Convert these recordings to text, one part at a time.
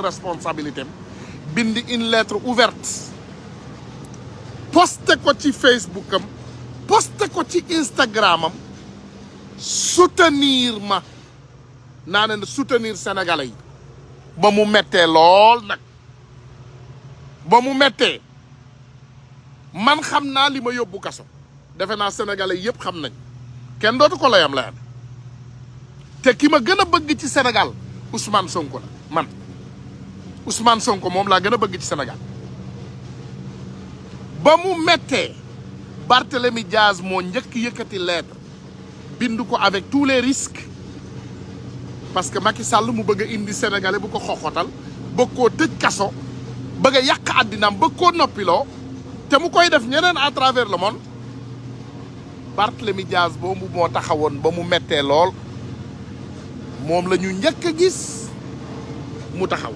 responsabilité bind une lettre ouverte poste ko ci Facebook am poste ko ci Instagram am soutenir ma naa ne soutenir sénégalais yi ba mu mettee lool nag ba mu mettee man xam naa li ma yóbbu kaso defe naa sénégalais yëpp xam nañ kenn dootu ko layam layam te ki ma gën a bëgg ci Sénégal Ousmane Sonko la man Ousmane Sonko moom laa gën a bëgg ci Sénégal ba mu mettee Barthélemy Diaz moo njëkk yëkkati lettre bind ko avec tous les risques parce que Macky Sall mu bëgg indi sénégalais bu ko xoxotal bëgg koo tëj kaso bëgg a yàq àddinaam bëgg koo noppiloo te mu koy def ñeneen à travers le monde Barthélemy Diaz boobu moo taxawoon ba mu mettee lool moom la ñu njëkk a gis mu taxaw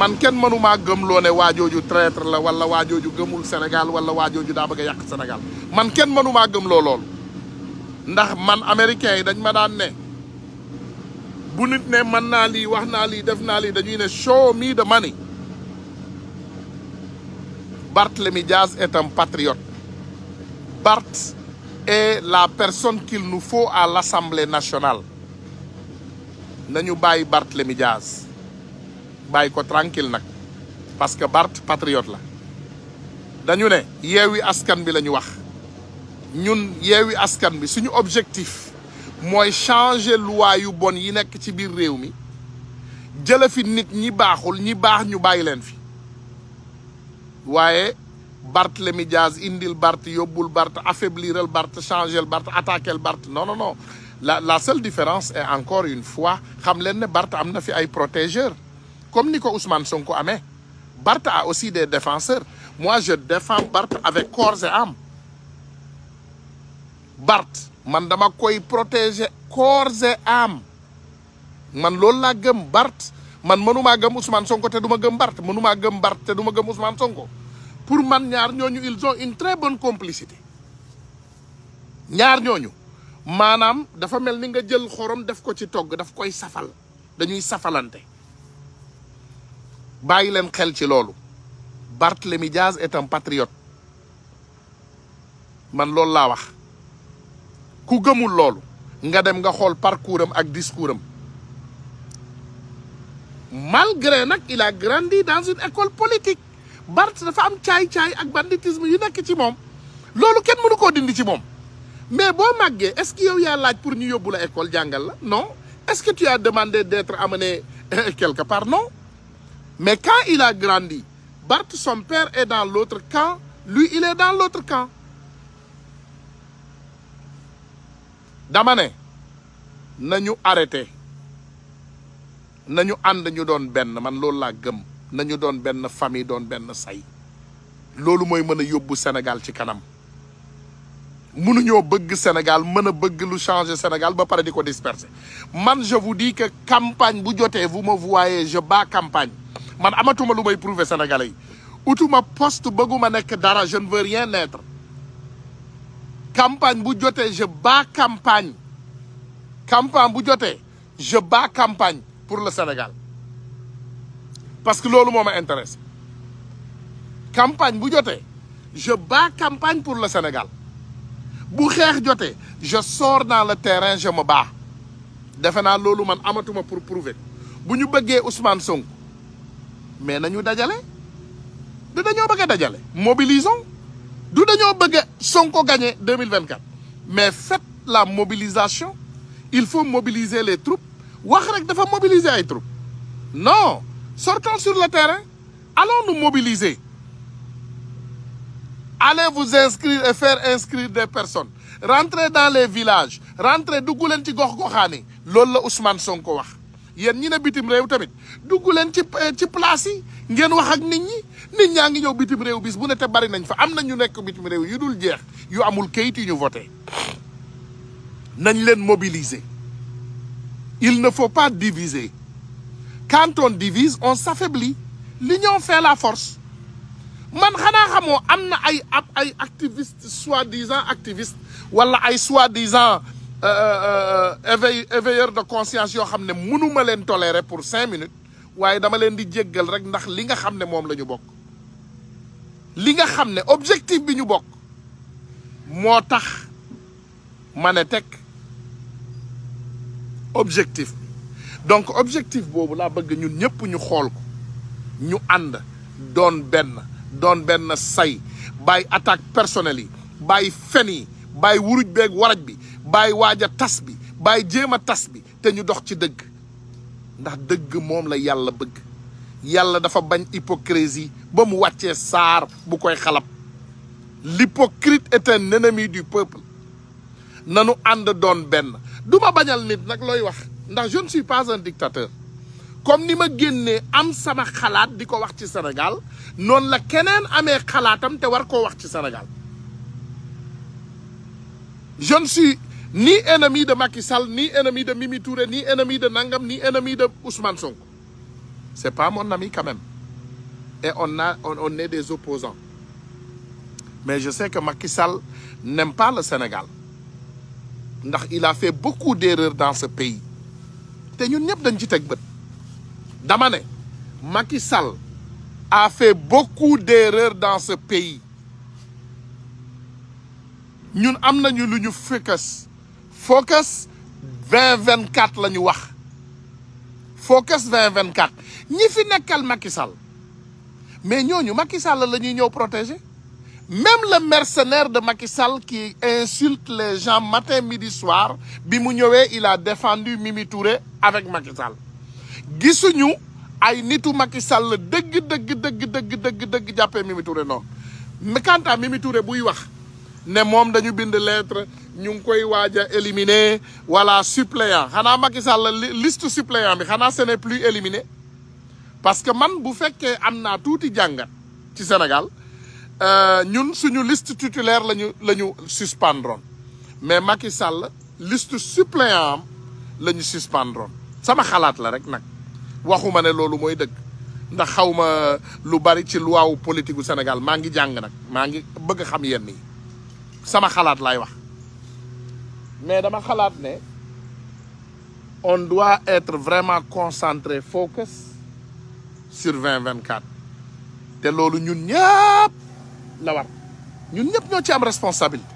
man kenn mënumaa gëm loo ne waa jooju traître la wala waa jooju gëmul Sénégal wala waa jooju daa bëgg yàq Sénégal man kenn mënumaa gëm loo loolu ndax man américain yi dañ ma daan ne bu nit ne mën naa lii wax naa lii def naa lii dañuy ne show me the money Barthélemy Diaz est un patriote Barth est la personne qu'il nu faut à l'Assemblée nationale nañu bàyyi Barthélemy Diaz bàyyi ko tranquille nag parce que Bart patriote la dañu ne yeewi askan bi la wax ñun yeewi askan bi suñu objectif mooy changer loi yu bon yi nekk ci biir réew mi jële fi nit ñi baaxul ñi baax ñu bàyyi leen fi waaye Barthélemy Diaz indil Bart yóbbul Bart affaibliral Bart changer Bart attaquer Bart non non non la la seule différence est encore une fois xam leen ne Bart am na fi ay protégeur comme ni ko Ousmane Sonko amee Barth a aussi des défenseurs mois je défends Barth avec corps et âme Barth man dama koy protéger corps am man loolu laa gëm Barth man mënumaa gëm Ousmane Sonko te du gëm Barth mënumaa gëm Barth te du ma gëm Ousmane Sonko pour man ñaar ñooñu ils son une très bonne complicité ñaar ñooñu maanaam dafa mel ni nga jël xorom def ko ci togg daf koy safal dañuy safalante bàyyi leen xel ci loolu Barthélemy Diaz est un patriote man loolu laa wax ku gëmul loolu nga dem nga xool parcours am ak discours am malgré nag il a grandi dans une école politique Barth dafa am caay-caay ak banditisme yu nekk ci moom loolu kenn mënu koo dindi ci moom mais boo màggee est-ce que yow yaa laaj pour ñu yóbbu la école jàngal la non est-ce que tu as demandé d'être amené quelque part non Mais quand il a grandi, Bart, son père, est dans l'autre camp. Lui, il est dans l'autre camp. Damane, nañu arrêté. nañu ànd ñu doon benn man loolu laa gëm nañu doon benn famille doon benn say loolu mooy mën a yóbbu Sénégal ci kanam mënuñoo bëgg Sénégal mën a bëgg lu changé Sénégal ba pare di ko disperser man je vous dis que campagne bu jotee vous ma voyez je ba campagne man amatuma lu may prouver sénégalais yi utuma poste bëgguma nekk dara je ne veux rien campagne bu jotee je bats campagne campagne bu jotee je bats campagne pour le Sénégal parce que loolu moo ma intéresse campagne bu jotee je bats campagne pour le Sénégal bu xeex jotee je sors dans le terrain je me bats defe naa loolu man amatuma pour prouver bu ñu bëggee Ousmane Sonko mais nañu dajale du dañoo bëgg a dajale mobilisons du dañoo bëgg a Sonko gagné mille vingt quatre mais faites la mobilisation il faut mobiliser les troupes wax rek dafa mobiliser ay troupes non sortons sur le terrain allons nous mobiliser allez vous inscrire et faire inscrire des personnes rentrez dans les villages rentrez dugg leen ci gox goxaani loolu la Ousmane Sonko wax. yéen ñi ne bitim réew tamit dugg leen ci eh, ci place yi ngeen wax ak nit ñi nit ñaa ngi ñëw bitim réew bis bu ne te bari nañ fa am na ñu nekk bitim réew yu dul jeex yu amul kayit yu ñu voté nañ leen mobiliser il ne faut pas diviser quand on divise on s'affaiblit l'union fait la force man xanaa xamoo am na ay ab ay activistes soi-disant activistes wala ay soi-disant Euh, euh, euh, éveil éveilleur de conscience yoo xam ne mënuma leen tolérer pour cinq minutes waaye dama leen di jéggal rek ndax li nga xam ne moom lañu bokk li nga xam ne objectif bi ñu bokk moo tax ma ne teg objectif bi donc objectif boobu laa bëgg ñun ñëpp ñu xool ko ñu ànd doon benn doon benn say bàyyi attaque personnelle yi bàyyi fen yi bàyyi wuruj beeg waraj bi bàyyi waaj a tas bi baay jéema a tas bi te ñu dox ci dëgg ndax dëgg moom la yàlla bëgg yàlla dafa bañ hypocrisie ba mu wàccee saar bu koy xalab l'hypocrite est un ennemi du peuple nanu ànd doon benn du bañal nit nag looy wax ndax je ne suis pas un dictateur comme ni ma génnee am sama xalaat di ko wax ci Sénégal noonu la keneen amee xalaatam te war koo wax ci Sénégal ni ennemi de Macky Sall ni ennemi de Mimi Touré ni ennemi de Nangam ni ennemi de Ousmane Sonko c'est pas mon ami quand même et on a des opposants mais je sais que Macky Sall n'aime pas le Sénégal ndax il a fait beaucoup d'erreurs dans ce pays te ñun ñëpp dañ ci teg bët dama ne Macky Sall a fait beaucoup d'erreurs dans ce pays ñun am nañu lu ñu fekkas focus 2024 la ñu wax focus 2024 ñi fi nekkal Macky Sall mais ñooñu Macky Sall la ñuy ñëw protéger même le mercenaire de Macky Sall qui insulte les gens matin midi soir bi mu ñëwee il a défendu Mimi Touré avec Macky Sall gisuñu ay nitu Macky Sall dëgg dëgg dëgg dëgg dëgg dëgg jàppee Mimi noonu mais quant buy wax ne moom dañu bind lettre ñu ngi koy waaj a éliminer voilà suppléant xanaa Macky Sall liste suppléant bi xanaa ce plus éliminé parce que man bu fekkee am naa tuuti jàngat ci Sénégal euh, ñun suñu liste titulaire lañu la ñu suspendron mais Macky Sall liste suppléant am la ñu suspendron sama xalaat la rek nag waxuma ne loolu mooy dëgg ndax xaw ma lu bari ci luwaawu politique gu Sénégal maa ngi jàng nag maa ngi bëgg a xam yenn yi sama xalaat laay wax mais dama xalaat ne on doit être vraiment concentré focus sur quatre te loolu ñun ñëpp la war ñun ñëpp ñoo ci am responsabilité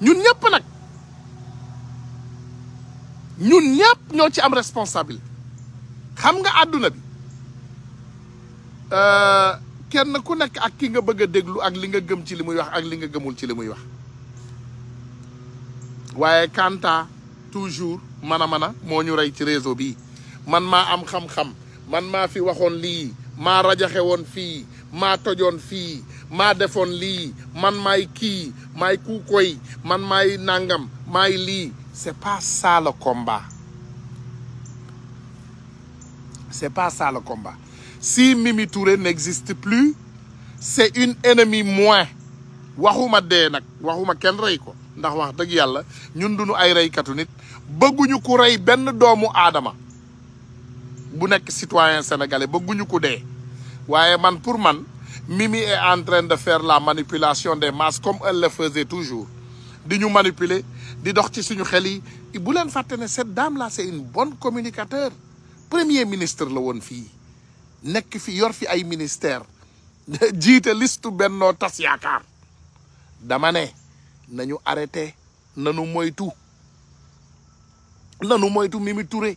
ñun ñëpp nag ñun ñëpp ñoo ci am responsabilité xam nga àdduna bi euh, kenn ku nekk ak ki nga bëgg a déglu ak li nga gëm ci li muy wax ak li nga gëmul ci li muy wax waaye Kanta toujours mana mana moo ñu rey ci réseau bi man maa am xam-xam man maa fi waxoon lii ma rajaxe woon fii maa tojoon fii maa defoon lii man may kii may kuukoy man maay nangam maay lii c'est pas ça le combat c'est pas ça le combat si Mimi Touré n'existe plus c'est une ennemie moins waxuma dee nag waxuma kenn rey ko ndax wax dëgg yàlla ñun duñu ay reykatu nit bëgguñu ku rey benn doomu aadama bu nekk citoyen sénégalais bëgguñu ku dee waaye man pour man Mimi est en train de faire la manipulation des masses comme elle le faisait toujours di ñu manipuler di dox ci suñu xel yi bu leen fàtte ne cette dame là c'est une bonne communicateur premier ministre la woon fii nekk fi yor fi ay ministère jiite listu bennoo tas yaakaar dama ne nañu arrêté nanu moytu nanu moytu mimiture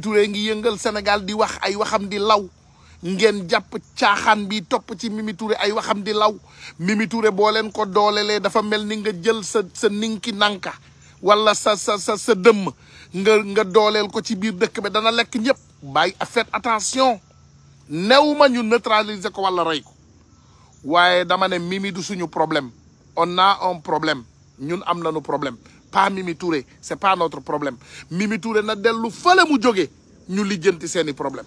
Touré ngi yëngal senegal di wax ay waxam di law ngeen jàpp caaxaan bi topp ci Mimi ay waxam di law Mimi boo leen ko doolelee dafa mel ni nga jël sa sa ninki nanka walla sa sa sa sa dëmm nga nga dooleel ko ci biir dëkk bi dana lekk ñëpp bàyyi faites attention new ma ñu neutraliser ko wala rey ko waaye dama ne Mimi suñu problème on a un problème ñun am nu problème pas Mimi Touré c'est pas notre problème Mimi Touré na dellu fële mu jóge ñu lijjanti seeni problème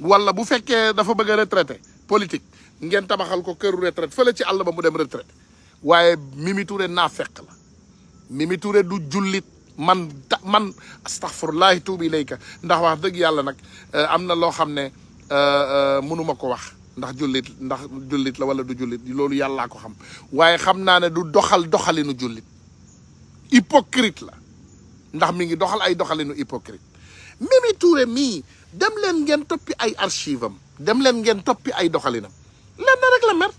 walla bu fekkee dafa bëgg a retraité politique ngeen tabaxal ko këru retraite fële ci àll ba mu dem retraite waaye Mimi Touré naa fekk la Mimi Touré du jullit man man astaghfirullahi tuubi ilayka ndax wax dëgg yàlla nag euh, am na loo xam ne euh, euh, mënuma ko wax ndax jullit ndax jullit la wala du jullit loolu yàllaa ko xam waaye xam naa ne du doxal doxalinu jullit hypocrite la ndax mi ngi doxal ay doxalinu hypocrite Mimi Touré mii dem leen ngeen toppi ay archive am dem leen ngeen toppi ay doxalinam lenn rek la mer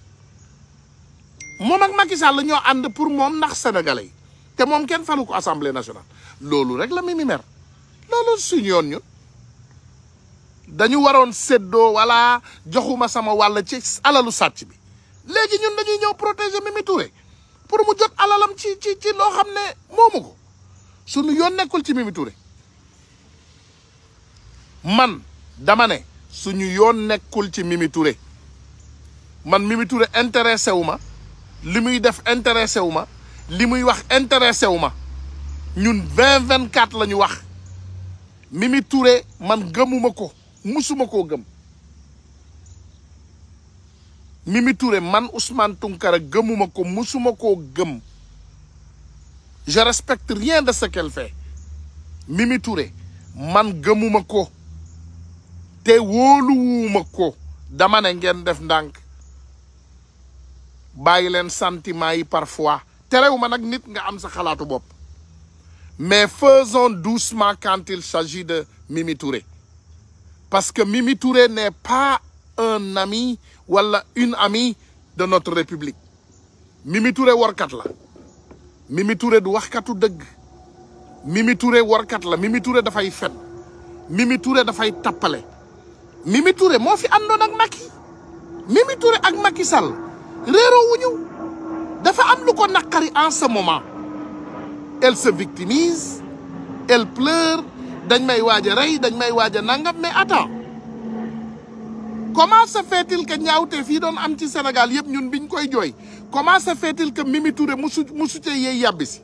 moom ak Macky Sall la ñoo ànd pour moom ndax sénégalais yi te moom kenn falu ko assemblée nationale loolu rek la Mimi mer loolu suñu yoon ñun dañu waroon séddoo wala joxuma sama wàll ci alalu sàcc bi léegi ñun dañuy ñëw protéger Mimi pour mu jot alalam ci ci ci loo xam ne moomu ko sunu yoon nekkul ci Mimi man dama suñu yoon nekkul ci Mimi man Mimi Touré intéressé wu ma li muy def intéressé wu ma li muy wax intéressé wu ma ñun vingt vingt quatre la ñu wax Mimi Touré man gëmuma ko musuma koo gëm Mimi Touré man Ousmane Tounkara gëmuma ko musuma koo gëm je respecte rien de ce qu'elle fait Mimi Touré man gëmuma ko te wóoluwuma ko dama ne ngeen def ndànk bàyyi leen sentiment yi parfois terewuma nag nit nga am sa xalaatu bopp mais faisons doucement quand il s'agit de Mimi Touré Parce que Mimi Touré n'est pas un ami wala une amie de notre République. Mimi Touré warkat la Mimi Touré du waxkatu dëgg Mimi Touré warkat la Mimi Touré dafay fen Mimi Touré dafay tappale Mimi Touré moo fi àndoon ak Macky Mimi Touré ak Macky Sall réeroo wuñu dafa am ko naqari en ce moment elle se victimise dañ may waaja a rey dañ may waaj a nangam mais attends comment se fait-il que ñaawte fii doon am ci Sénégal yëpp ñun biñ koy jooy comment se fait-il que Mimi Touré musu musu ca yee yàbbi si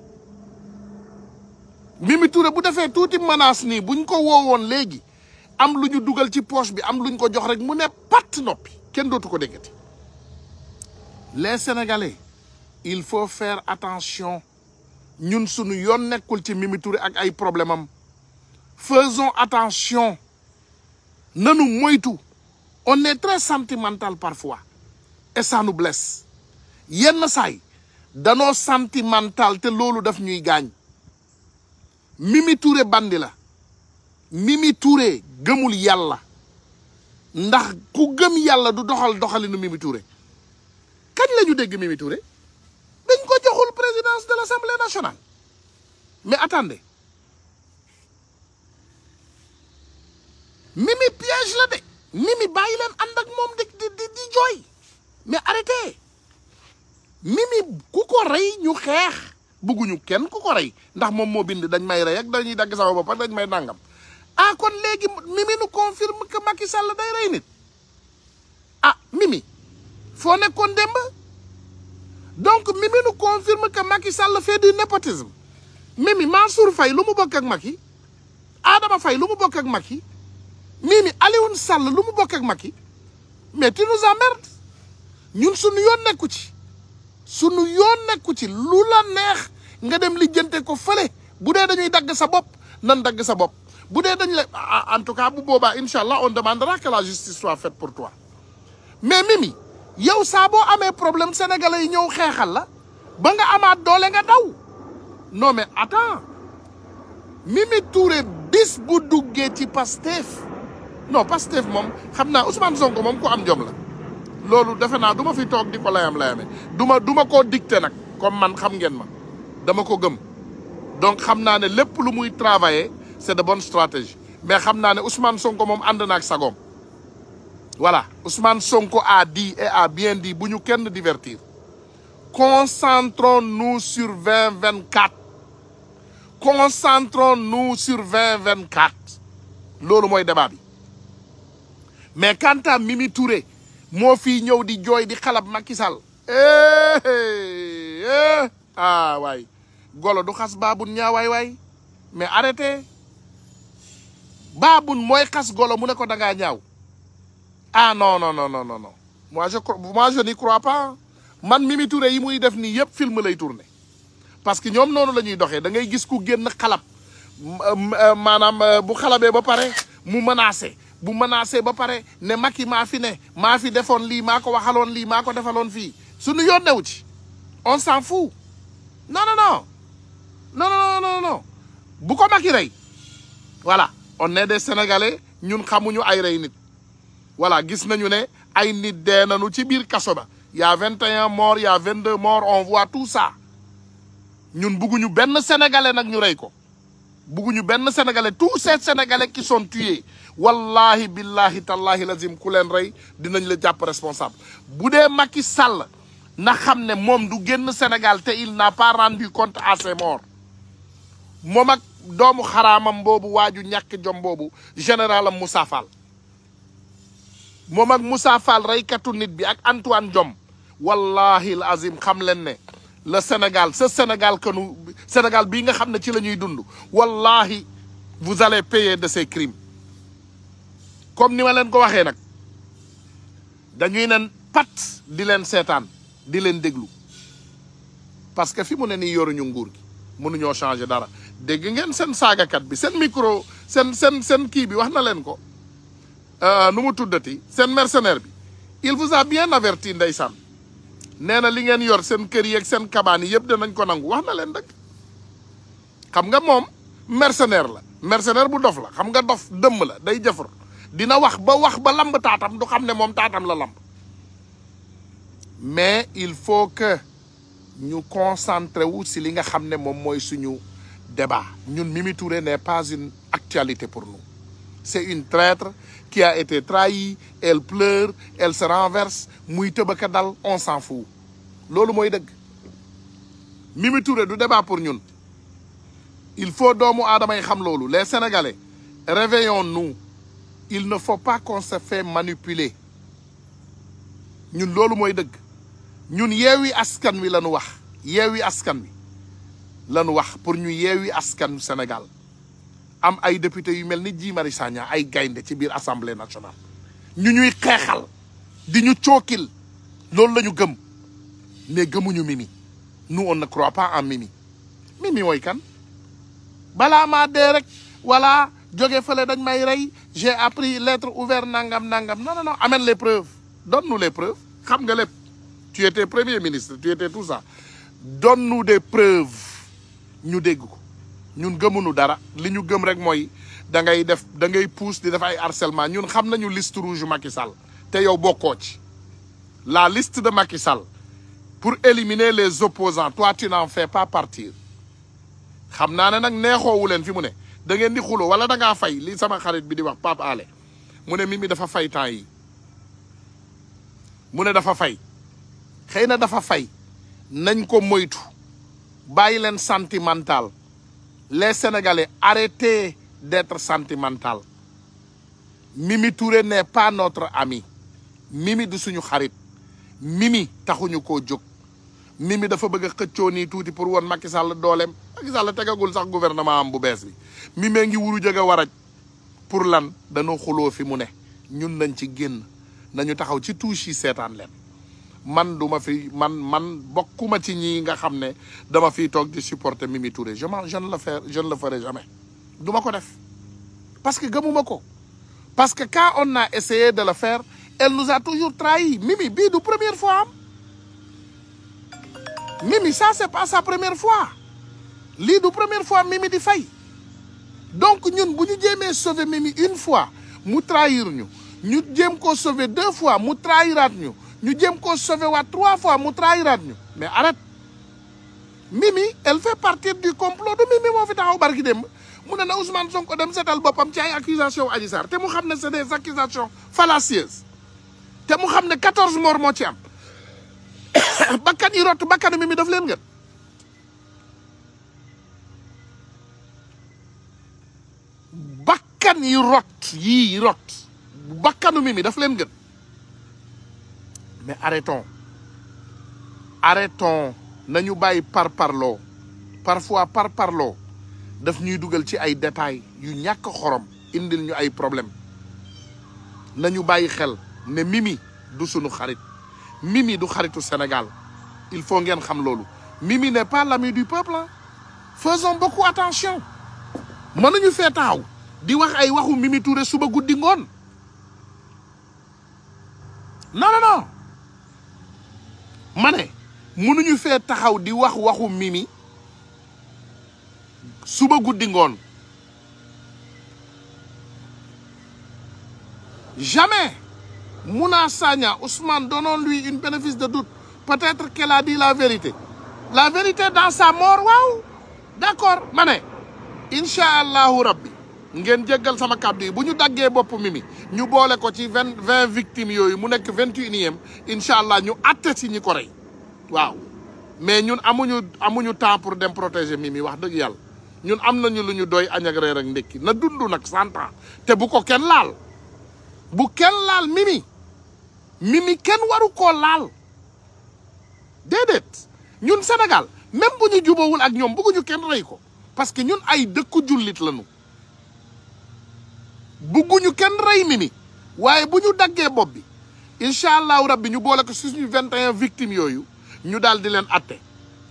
Mimi Touré bu defee tuuti menace nii bu buñ ko woowoon léegi am lu ñu dugal ci poche bi am lu ñu ko jox rek mu ne pat noppi kenn dootu ko déggati les Sénégalais il faut faire attention ñun suñu yoon nekkul ci Mimi ak ay problème am faisons attention nanu moytu on est très sentimental parfois et ça nous blesse yenn saay danoo sentimental te loolu daf ñuy gaañ Mimi Touré bandi la Mimi Touré gëmul yàlla ndax ku gëm yàlla du doxal doxalinu Mimi Touré kañ la ñu dégg Mimi Touré dañ ko joxul présidence de l'Assemblée nationale mais attendez Mimi piège la de Mimi bàyyi leen ak moom di di di jooy mais arrêtez Mimi ku ko rey ñu xeex bëgguñu kenn ku ko rey ndax moom moo bind dañ may rey ak dañuy dagg sama bopp ak dañ may nangam ah kon léegi Mimi nu confirme que Macky Sall day rey nit ah Mimi foo nekkoon démb donc Mimi nu confirme que Macky Sall fait du népotisme Mimi Mansour Faye lu mu bokk ak Macky Adama Faye lu mu bokk ak Macky Mimi Alioune Sall lu mu bokk ak Macky mais tu nous emmerdes ñun suñu yoon nekku ci suñu yoon nekku ci lu la neex nga dem lijjante ko fële bu dee dañuy dagg sa bopp nan dagg sa bopp bu dee dañ la ah, ah, en tout cas bu boobaa incha allah on demandera que la justice soit faite pour toi mais Mimi yow saaboo amee problème sénégalais yi ñëw xeexal la ba nga amaat doole nga daw non mais attends Mimi Touré bis bu duggee ci Pastef non Pastef moom xam naa Ousmane Sonko moom ku am jom la loolu defe naa du ma fi toog di ko layam-layame duma duma du ma koo dicté nag comme man xam ngeen ma dama ko gëm donc xam naa ne lépp lu muy travailler c'est de bonne stratégie mais xam naa ne Ousmane Sonko moom ànd na ak sagoom voilà Ousmane Sonko a di et a bien di bu ñu kenn divertir concentrons-nous sur 2024 concentrons-nous sur 2024 loolu mooy débat bi mais quant Mimi Touré moo fi ñëw di jooy di xalab Macky Sall eh, eh, eh. ah waay golo du xas baabun ñaawaay waay mais arrêté baabun mooy xas golo mu ne ko da ngaa ñaaw ah non non non non non moi je moi je n'y crois pas man Mimi Touré yi muy def nii yëpp film lay tourné parce que ñoom noonu la ñuy doxee da ngay gis ku génn xalab euh, euh, maanaam euh, bu xalabee ba pare mu menacé bu menacé ba pare ne Macky maa fi ne maa fi defoon lii maa ko waxaloon lii maa ko defaloon fii suñu yoon ci on s'en fout non non non non non non bu ko Macky rey voilà on est des sénégalais ñun xamuñu ay rey nit voilà gis nañu ne ay nit dee nañu ci biir kaso ba y a 21 morts y a 22 morts on voit tout ça ñun bugguñu benn sénégalais nag ñu rey ko bugguñu benn sénégalais tous ces sénégalais qui sont tués wallahi billahi tallahi lazim ku leen rey dinañ la jàpp responsable bu dee maki Sall na xam ne moom du génn Sénégal te il n'a pas rendu compte à ses moom ak doomu xaraamam boobu waaju ñàkk jom boobu général am Moussa Fall moom ak Moussa Fall reykatu nit bi ak Antoine Diome wallahi lazim xam leen ne le Sénégal ce Sénégal que Sénégal bii nga xam ne ci la ñuy dund wallahi vous allez payer de ces crimes comme ni ma leen ko waxee nag dañuy nen pat di leen seetaan di leen déglu parce que fi mu ne nii ñu nguur gi ñoo changé dara dégg ngeen seen saagakat bi seen micro seen seen seen kii bi wax na leen ko euh, nu mu tuddati seen mercenaire bi il vous a bien averti ndeysaan nee na li ngeen yor seen kër yeeg seen kabaan yi yëpp danañ ko nangu wax na leen rek xam nga moom mercenaire la mercenaire bu dof la xam nga dof dëmm la day jëfar dina wax ba wax ba lamb taatam du xam ne moom taatam la lamb mais il faut que ñu concentré wu si li nga xam ne moom mooy suñu débat ñun Mimi tourer n'est pas une actualité pour nous c'est une traitre qui a été trahie elle pleure elle se renverse muy tëbëk a dal on s'en fout loolu mooy dëgg Mimi Touré du débat pour ñun il faut doomu aadama yi xam loolu les sénégalais réveillons nu il ne faut pas qu'on se ñun loolu mooy dëgg ñun yeewi askan wi lañu wax yeewi askan wi lañu wax pour ñu yeewi askan Sénégal am ay député yu mel ni jiimari Marius Sagna ay gaynde ci biir assemblée nationale ñu ñuy xeexal di ñu cookil loolu la ñu gëm mais gëmuñu Mimi nous on ne croit pas en Mimi Mimi mooy kan balaa maa dee rek wala jóge fële dañ may rey j'ai appris lettre ouverte nangam nangam non non non amène les preuves donne-nous les preuves xam nga lépp tu étais premier ministre tu étais tout ça donne-nous des preuves ñu dégg ko ñun gëmunu dara li ñu gëm rek mooy da ngay def da ngay pousse di dafa ay harcèlement ñun xam nañu liste rouge Macky Sall te yow bokkoo ci la liste de Macky Sall pour éliminer les opposants toi tu n'en fais pas partir xam naa ne nag neexoowu leen fi mu ne da ngeen di xuloo wala da ngaa fay li sama xarit bi di wax Pape ale mu ne mii mi dafa fay temps yi mu ne dafa fay xëy na dafa fay nañ ko moytu bàyyi leen sentimental les Sénégalais arrêtez d'être sentimental Mimi Touré n'est pas notre ami Mimi du suñu xarit Mimi taxuñu ko jóg Mimi dafa bëgg a xëccoo nii tuuti pour woon Macky Sall dooleem Macky tegagul sax gouvernement am bu bees bi Mimi ngi wuru jóg a waraj pour lan dañoo xuloo fi mu ne ñun lañ ci génn nañu taxaw ci tuuti yi seetaan leen man duma fi man man bokkuma ci ñii nga xam ne dama fiy toog di supporter Mimi Touré je je ne le ferai je ne le ferai jamais duma ko def parce que gëmuma ko parce que quand on a essayé de le faire elle nous a toujours trahi Mimi bii du première fois am Mimi ça c'est pas sa première fois lii du première fois Mimi di fay donc ñun bu ñu jéemee sauver Mimi une fois mu trahir ñu ñu jéem ko sauver deux fois mu trahiraat ñu ñu jëm ko sauvé waat trois fois mu trahiraat ñu mais arrête Mimi elle fait partie du complot de Mimi moo fi taxaw barki démb mu ne na Ousmane Sonko dem seetal boppam ci ay accusations Adji Sarr te xam ne c'est des accusations fallacieuses te mu xam ne quatorze morts moo ci am bakkan yi rott bakkanu Mimi daf leen ngeen bakkan yi rott yii rott bakkanu Mimi daf leen ngeen mais arrêtons arrêtons nañu bàyyi par parloo parfois par parloo daf ñuy dugal ci ay détails yu ñàkk xorom indi ñu ay problème nañu bàyyi xel ne Mimi du sunu xarit Mimi du xaritu Sénégal il faut ngeen xam loolu Mimi ne pas l'ami du peuple faisons beaucoup attention mën fee taaw di wax ay waxu Mimi Touré suba guddi ngoon non mane mënuñu fee taxaw di wax waxu miimi suba guddi ngoon jamais Mouna Sagna Ousmane donnons lui une bénéfice de doute peut-être qu'elle a la vérité la vérité dans sa mort waaw d'accord ma ne incha allahu rabbi ngeen jéggal sama kàddu bu ñu daggee bopp Mimi ñu boole ko ci vingt vingt victimes yooyu mu nekk vingt unième incha allah ñu atte si ñi ko rey waaw mais ñun amuñu amuñu temps pour dem protéger Mimi wax dëgg yàlla ñun am na nañu lu ñu doy añ ak reer ak ndékki na dundu nag cent te bu ko kenn laal bu kenn laal Mimi Mimi kenn waru koo laal déedéet ñun Sénégal même bu ñu jubawul ak ñoom bëgguñu kenn rey ko parce que ñun ay dëkku jullit lañu bugguñu kenn rey Mimi waaye bu ñu daggee bopp bi incha allahu bi ñu boole ko suñu 21 victimes yooyu ñu daal di leen atte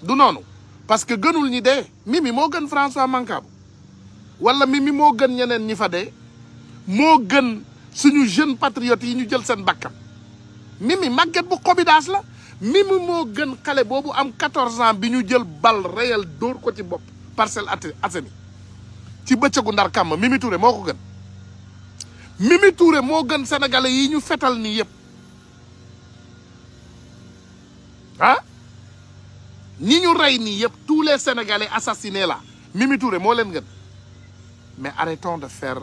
du noonu parce que gënul ñi dee Mimi moo gën François Mancabou wala Mimi moo gën ñeneen ñi fa dee moo gën suñu jeune patriotes yi ñu jël seen bakkan Mimi màgget bu xobidaas la Mimi moo gën xale boobu am 14 ans bi ñu jël bal réel dóor ko ci bopp Parcelles Assainies ci bëccëgu ndar kàmm Mimi Touré moo ko gën Mimi Touré moo gën sénégalais yi ñu fetal nii yëpp ah ñi ñu rey nii yëpp tous les sénégalais la là Mimi Touré moo leen gën mais arrêtons de faire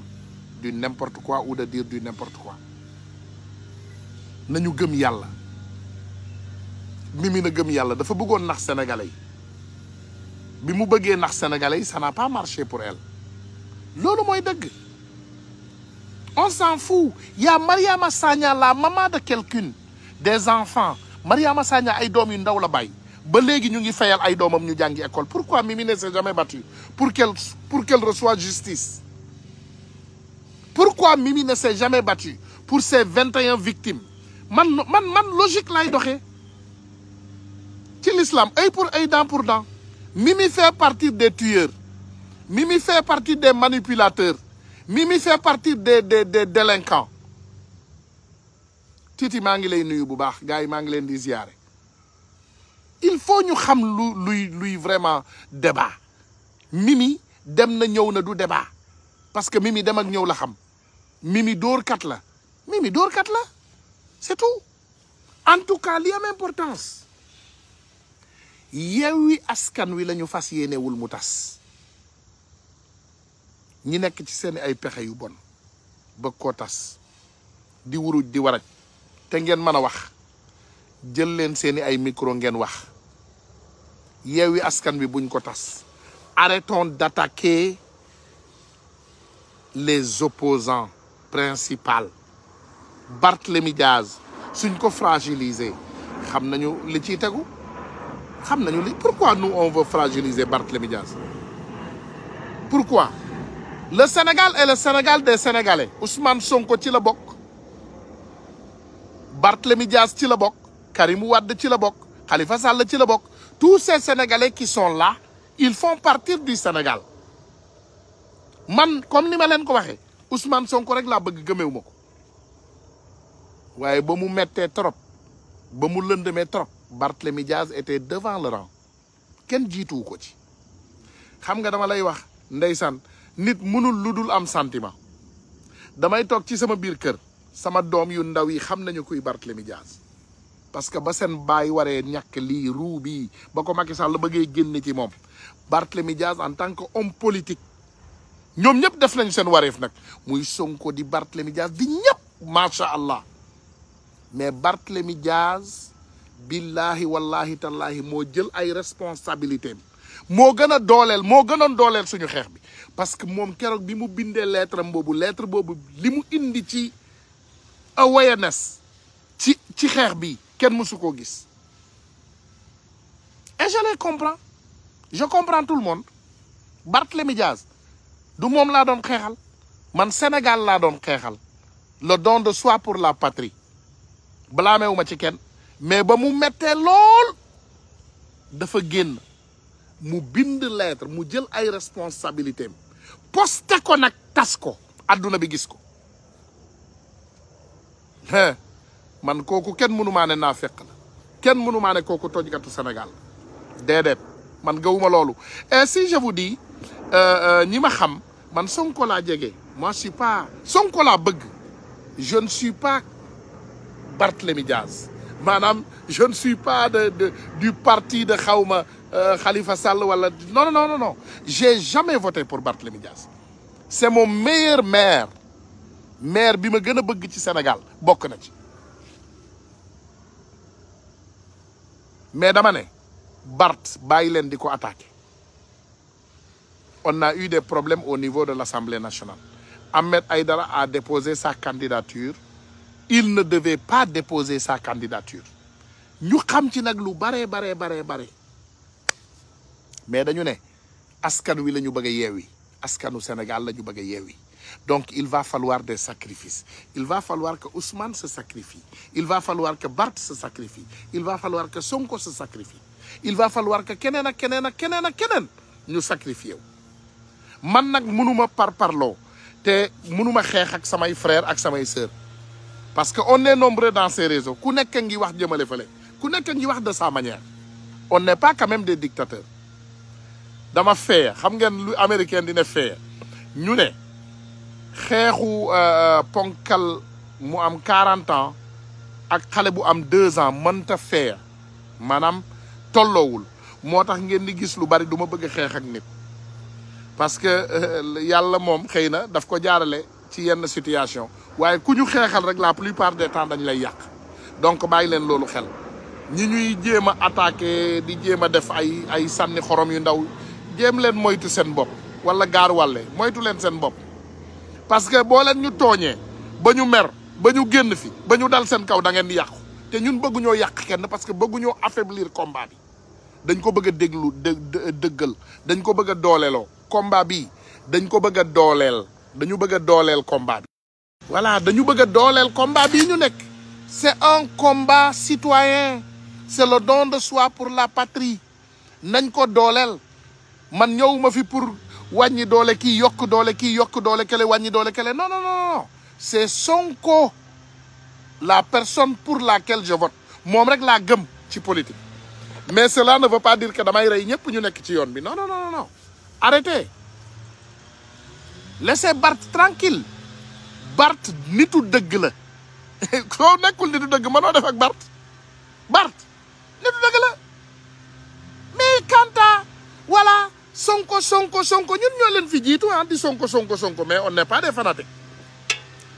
du n'importe quoi ou de dire du n'importe quoi nañu gëm yàlla Mimi na gëm yàlla dafa bëggoon nax sénégalais yi bi mu bëggee nax sénégalais yi ça pas marché pour elle loolu mooy dëgg. On s'en fou yaa y a Mariama Sagna, la maman de quelqu'un, des enfants. Mariama Sagna ay doom yu ndaw la bàyyi ba léegi ñu ngi fayal ay doomam ñu jàngi école pourquoi Mimi ne s'est jamais battue pour qu'elle pour qu'elle reçoive justice pourquoi Mimi ne s'est jamais battue pour ses vingt et un victimes man man man logique lay doxee ci l'islam œil pour œil dent pour dent Mimi fait partie des tueurs Mimi fait partie des manipulateurs Mimi fait partie des des des délinquants Titi maa ngi lay nuyu bu baax gaa yi maa ngi leen di ziare il faut ñu xam lu luy luy vraiment débat Mimi dem na ñëw na du débat parce que Mimi dem ak ñëw la xam Mimi dóorkat la Mimi dóorkat la c'est tout en tout cas li am importance Yewwi Askan Wi lañu fas yéenewul mu tas ñi nekk ci seeni ay pexe yu bon bëgg koo tas di wuruj di waraj te ngeen mën a wax jël leen seeni ay micro ngeen wax yeewi askan bi buñ ko tas arrêtons d'attaquer les opposants principaux Barthélemy Diaz suñ ko fragiliser xam nañu li ciy tegu xam nañu li pourquoi nous on veut fragiliser pourquoi le Sénégal est le de des Sénégalais Ousmane Sonko ci la bokk Barthélemy Diaz ci la bokk Karim Wade ci la bokk Khalifa sàll ci la bokk tous ces Sénégalais qui sont la ils font partie du Sénégal man comme ni ma leen ko waxee Ousmane Sonko rek laa bëgg gëmeewu ma ko waaye ba mu mettee trop ba mu lëndëmee trop Barthélemy Diaz était devant le rang kenn jiituwu ko ci xam nga dama lay wax ndeysan nit mënul lu dul am santiment damay toog ci sama biir kër sama doom yu ndaw yi xam nañu kuy Barthélemy Dias parce que ba seen baay waree ñàkk lii ruu bii ba ko Macky Sall la bëggee génn ci moom Barthélemy Dias en tant que homme politique ñoom ñëpp def nañ seen wareef nag muy Sonko di Barthélemy Dias di ñëpp macha allah mais Barthélemy Dias billahi wallahi tallahi moo jël ay responsabilités moo gën a dooleel moo gënoon dooleel suñu xeex bi parce que moom keroog bi mu bindee lettre am boobu lettre boobu li mu indi ci awareness ci ci xeex bi kenn mësu koo gis et je les comprends je comprends tout le monde Barthélemy Diaz du moom laa doon xeexal man Sénégal laa doon xeexal le don de soi pour la patrie balaa blâmewu ma ci kenn mais ba mu mettee lool dafa génn mu bind lettre mu jël ay responsabilités poste ko nag tas ko adduna bi gis ko man kooku kenn mënu maa ne naa fekk la kenn mënu maa ne kooku tojkatu Sénégal déedéet man gawuma loolu et si je vous euh, euh, ñi ma xam man Sonko laa jege moi je suis pas Sonko laa bëgg je ne suis pas Barthélemy Diaz maanaam je ne suis pas de du parti de xawma Euh, Khalifa Sall wala non non non non j'ai jamais voté pour Barthélémy Dias c'est mon meilleur maire maire bi ma gën a bëgg ci Sénégal bokk na ci mais dama ne Bart bàyyi leen di ko attaqué on a eu des problèmes au niveau de l'Assemblée nationale Ahmed Aïdara a déposé sa candidature il ne devait pas déposer sa candidature ñu xam ci nag lu bare bare bare bare mais dañu ne askan wi la ñu bëgg a yeewi askanu Sénégal la ñu bëgg a yeewi donc il va falloir des sacrifices il va falloir que Ousmane se sacrifie il va falloir que Bart se sacrifie il va falloir que Sonko sa sacrifie il va falloir que keneen ak keneen ak keneen ñu sacrifié man nag mënuma par parloo te munuma xeex ak samay frères ak samay sœurs parce que on ne nombreux dans ces réseaux ku nekk ngi wax jëmale fële ku nekk ngi wax de sa manière on n'est pas quand même des dictateurs dama fee xam ngeen lu américain di ne fee ñu ne xeexu euh, euh, ponkal mu am quarante ans ak xale bu am 2 ans mënta fee maanaam tolloowul moo tax ngeen di gis lu bari duma ma bëgg xeex ak nit parce que euh, yàlla moom xëy na daf ko jaarale ci yenn situation waaye ku ñu xeexal rek la plupart des temps dañ lay yàq donc bàyyi leen loolu xel ñi ñuy jéem a attaqué di jéem a def ay ay sànni xorom yu ndaw jéem leen moytu seen bopp wala gaar wàlle moytu leen seen bopp parce que boo leen ñu tooñee ba ñu mer ba ñu génn fi ba ñu dal seen kaw da ngeen di yàqu te ñun bëgguñoo yàq kenn parce que bëgguñoo affaiblir combat bi dañ ko bëgg a déglu dëggal dañ ko bëgg a dooleeloo combat bi dañ ko bëgg a dooleel dañu bëgg a dooleel combat bi voilà dañu bëgg a dooleel bi bii ñu nekk c'est un combat citoyen c'est le don de soi pour la patrie nañ ko dooleel man ñëwuma fi pour wàññi doole kii yokk doole kii yokk doole kele wàññi doole kele non non non c'est Sonko la personne pour laquelle je vote moom rek laa gëm ci politique mais cela ne veut pas dire que damay rey ñëpp ñu nekk ci yoon bi non non non non arrêtez laissez Bart tranquille Bart nitu dëgg la soo nekkul nitu dëgg mënoo def ak Bart Bart sonko sonko sonko ñun ñoo leen fi jiitu ah di sonko sonko mais on n'est pas des fanatiques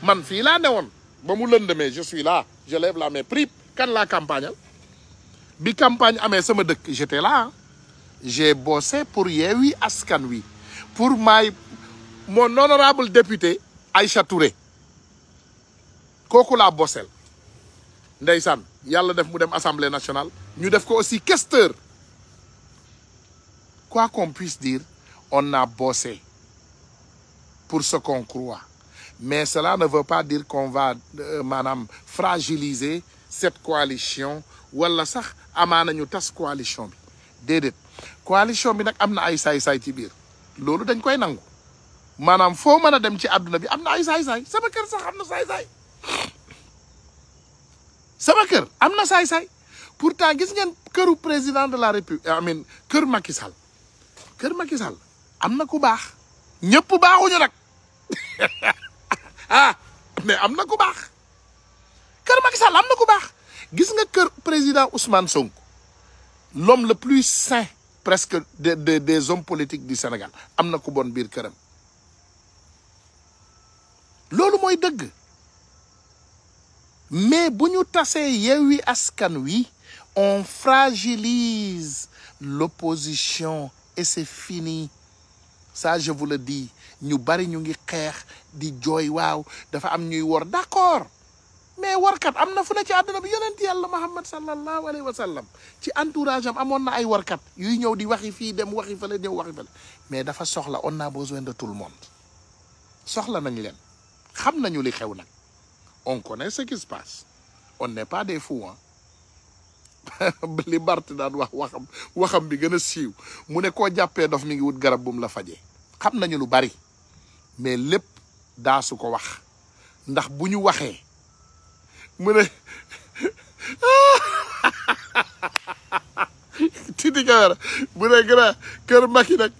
man fii laa woon ba mu lëndëmee je suis là je lève la main prip kan laa campagne bi campagne amee sama dëkk j'étais là ah. j'ai bossé pour Yewwi Askan Wi pour maay mon honorable député Aïcha Touré kooku laa bossel ndeysaan yàlla def mu dem assemblée nationale ñu def ko aussi questeur quoi qu'on puisse dire, on a bossé pour ce qu'on Mais cela ne veut pas dire qu'on va, euh, maanaam, fragiliser cette coalition wala sax amaana ñu tas coalition bi déedéet. coalition bi nag am na ay saay-saay ci biir loolu dañ koy nangu maanaam foo mën a dem ci àdduna bi am na ay saay-saay sama kër sax am na saay-saay sama kër am na saay-saay pourtant gis ngeen këru président de la république I mean kër Macky kër Macky am na ku baax ñëpp baaxuñu nag ah mais am na ku baax kër Macky am na ku baax gis nga kër président Ousmane Sonko l'homme le plus sain presque de de des hommes politiques du Sénégal am na ku bon biir këram loolu mooy dëgg mais bu ñu tasee Yewwi Askan Wi on fragilise l'opposition et c'est fini ça je vous di ñu bari ñu ngi xeex di jooy waaw dafa am ñuy wor d'accord mais warkat am na fu ne ci àdduna bi yonent yàlla Muhammad sallallahu alayhi wa sallam ci entourage am amoon na ay warkat yuy ñëw di waxi fii dem waxi fële ñëw waxi fële mais dafa soxla on a besoin de tout le monde soxla nañ leen xam nañu li xew nag on connaît ce qui se on n'est pas des fous li Barth daan wax waxam waxam bi gën a siiw mu ne koo jàppee dof mi ngi wut garab bu mu la faje xam nañu lu bari mais lépp daasu ko wax ndax bu ñu waxee mu ne Titi Camara mu ne gën a kër Macky nag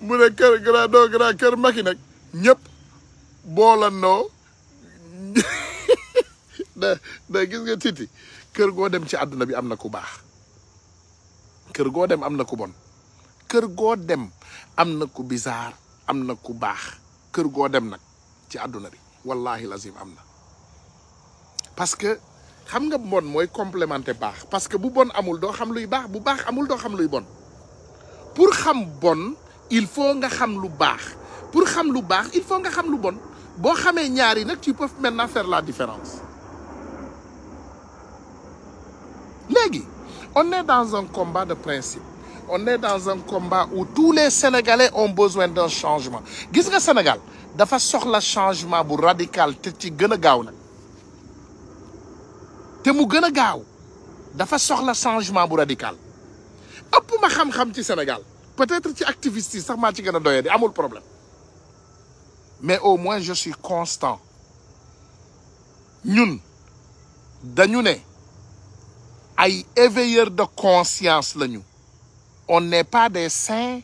mu ne kër grand doo grand kër Macky nag ñëpp boolandoo da da gis nga Titi kër goo dem ci àdduna bi am na ku baax kër goo dem am na ku bon kër goo dem am na ku bizarre am na ku baax kër goo dem nag ci àdduna bi wallahi lazim am na parce que xam nga bon mooy complémenté baax parce que bu bon amul doo xam luy baax bu baax amul doo xam luy bon pour xam bon il faut nga xam lu baax pour xam lu baax il faut nga xam lu bon boo xamee ñaari nag tu peux maintenant faire la différence léegi on est dans un combat de principe on est dans un combat où tous les sénégalais ont besoin d'un changement gis nga Sénégal dafa soxla changement bu radical te ci gën a gaaw nag te mu gën a gaaw dafa soxla changement bu radical ëpp ma xam-xam ci Sénégal peut-être ci activiste yi sax maa ci gën a doyee di amul problème mais au moins je suis constant ñun dañu ne. ay éveilleurs de conscience lañu on n'est pas des saints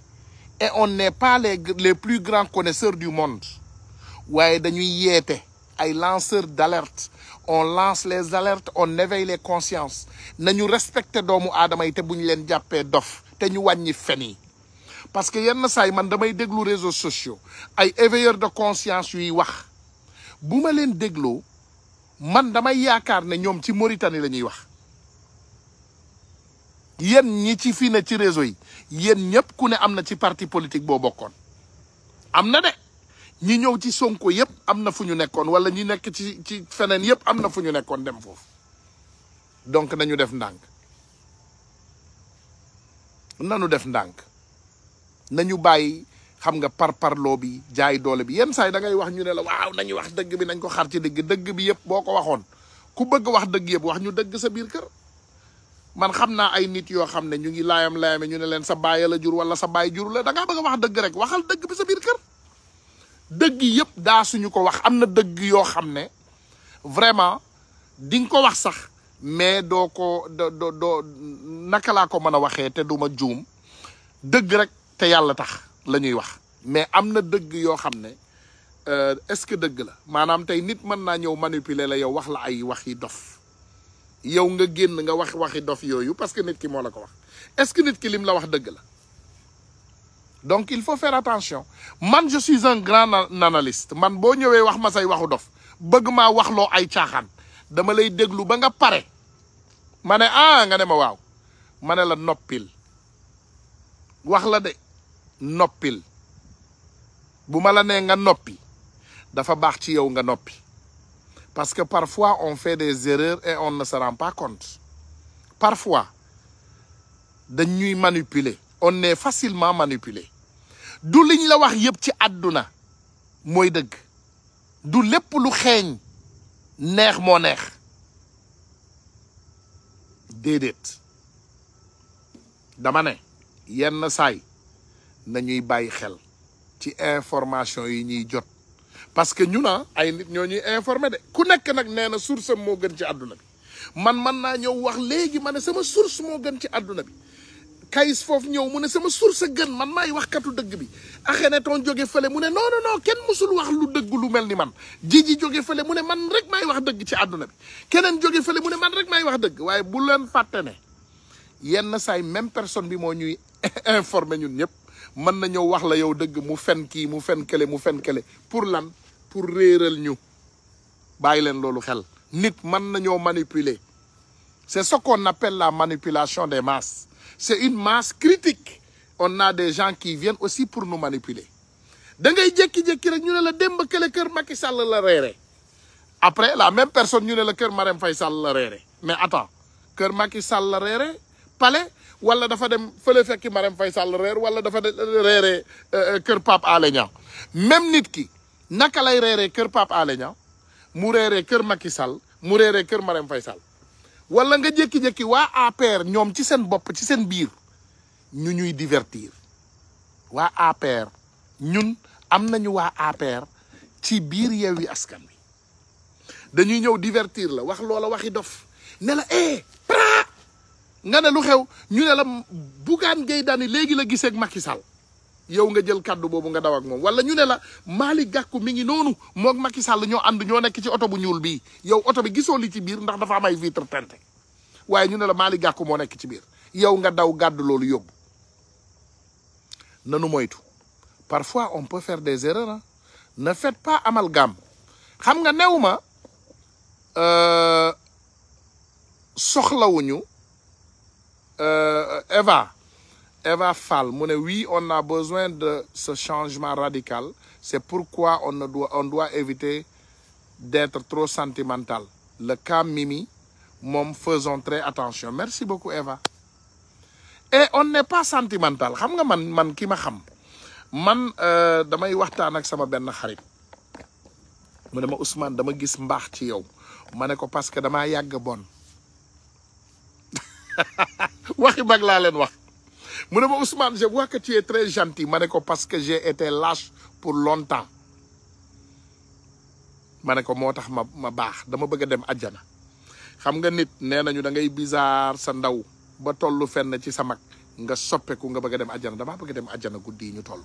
et on n'est pas les les plus grands connaisseurs du monde waaye dañuy yeete ay lanceurs d'alerte on lance les alertes on éveille les consciences nañu respecter doomu aadama yi te bu ñu leen jàppee dof te ñu wàññi fen yi parce que yenn saa yi man damay déglu réseaux sociaux ay éveilleurs de conscience yuy wax bu ma leen dégloo man damay yaakaar ne ñoom ci Mauritanie la ñuy wax yéen ñi ci fii ne ci réseau yi yéen ñëpp ku ne am na ci parti politique boo bokkoon am na de ñi ñëw ci Sonko yëpp am na fu ñu nekkoon wala ñu nekk ci ci feneen yëpp am na fu ñu nekkoon dem foofu donc nañu def ndànk nañu def ndànk nañu bàyyi xam nga par parloo bi jaay doole bi yenn saa yi dangay wax ñu ne la waaw ñu wax dëgg bi nañ ko xar ci dëgg dëgg bi yëpp boo ko waxoon ku bëgg wax dëgg yëpp wax ñu dëgg sa biir kër man xam naa ay nit yoo xam ne ñu ngi laayam laayame ñu ne leen sa baay jur wala sa baay jur la da ngaa bëgg wax dëgg rek waxal dëgg bi sa biir kër dëgg yëpp daa suñu ko wax am na dëgg yoo xam ne vraiment di ko wax sax mais doo ko do doo naka laa ko mën a waxee te du ma juum dëgg rek te yàlla tax la ñuy wax mais am na dëgg yoo xam ne euh, est-ce que dëgg la maanaam tey nit mën naa ñëw manipuler la yow wax la ay wax yi dof yow nga génn nga wax waxi dof yooyu parce que nit ki moo la ko wax est-ce que nit ki lim la wax dëgg la donc il faut faire attention man je suis un grand analyste man boo ñëwee wax ma say waxu dof bëgg maa waxloo ay caaxaan dama lay déglu ba nga pare ma ne ah nga ne ma waaw ma ne la noppil wax la de noppil bu ma la nee nga noppi dafa baax ci yow nga noppi Parce que parfois, on fait des erreurs et on ne se rend pas compte. Parfois, de nuit manipuler. On est facilement manipulé. du li la wax yëpp ci àdduna mooy dëgg du lépp lu xeeñ neex moo neex déedéet dama ne yenn saay nañuy bàyyi xel ci information yi ñuy jot parce que ñu naa ay nit ñoo ñuy informé de ku nekk nag nee na source am moo gën ci àdduna bi man man naa ñëw wax léegi ma ne sama source moo gën ci àdduna bi kayis foofu ñëw mu ne sama source gën man maay waxkatu dëgg bi axeneton jóge fële mu ne non non kenn musul wax lu dëgg lu mel ni man jiji jóge fële mu ne man rek maay wax dëgg ci àdduna bi keneen joge fële mu ne man rek maay wax dëgg waaye bu leen fàtte ne yenn saay même personne bi moo ñuy informé ñun ñëpp mën na ñëw wax la yow dëgg mu fen kii mu fen kële mu fen pour lan pour réeral ñu bàyyi leen loolu xel nit mën nañoo manipuler c'est ce qu'on appelle la manipulation des masses c'est une masse critique on na des gens qui viennent aussi pour nous manipuler da ngay jékki-jékki rek ñu ne la demb kële kër Macky Sall la reere après la même personne ñu ne la kër Marème fay Sall la reere mais attends kër makki Sall la reere palais wala dafa dem fële fekki Marème Faye Sall reer wala dafa reere euh, euh, kër Pape ale Niang même ni ki naka lay reeree kër Pape Alé mu reeree kër makki sal mu reeree kër Marème Faye sal walla nga jékki-jékki waa APR ñoom ci seen bopp ci seen biir ñu ñuy divertir waa APR ñun am nañu waa APR ci biir Yewwi Askan Wi dañuy ñëw divertir la wax loola waxi dof ne la eh nga ne lu xew ñu ne la Bougane Gueye Dany léegi la gisee makki Macky yow nga jël kàddu boobu nga daw ak moom wala ñu ne la maali Gakou mi ngi noonu moog Macky Sall ñoo ànd ñoo nekk ci oto bu ñuul bii yow oto bi gisoo li ci biir ndax dafa am ay vitre teintée waaye ñu ne la maali Gakou moo nekk ci biir yow nga daw gàddu loolu yóbbu nanu moytu parfois on peut faire des erreurs ah ne faites pas amalgame xam nga new ma euh, soxlawuñu euh, Eva Eva Fall mu ne oui on a besoin de ce changement radical c'est pourquoi on ne doit on doit éviter d'être trop sentimental le cas Mimi moom faisons très attention merci beaucoup Eva e on n'est pas sentimental xam nga man man ki ma xam man euh, damay waxtaan ak sama benn xarit mu ne ma Ousmane dama gis mbaax ci yow ma ne ko parce que damaa yàgg bon waxi mag laa leen wax mu ne ma Ousmane je vois que tu es très gentil ma ne ko parce que j'ai été lâche pour longtemps ma ne ko moo tax ma ma baax dama bëgg a dem àjjana xam nga nit nee nañu dangay ngay sa ndaw ba toll fenn ci sa mag nga soppeeku nga bëgg dem àjjana damaa bëgg dem àjjana guddi yi ñu toll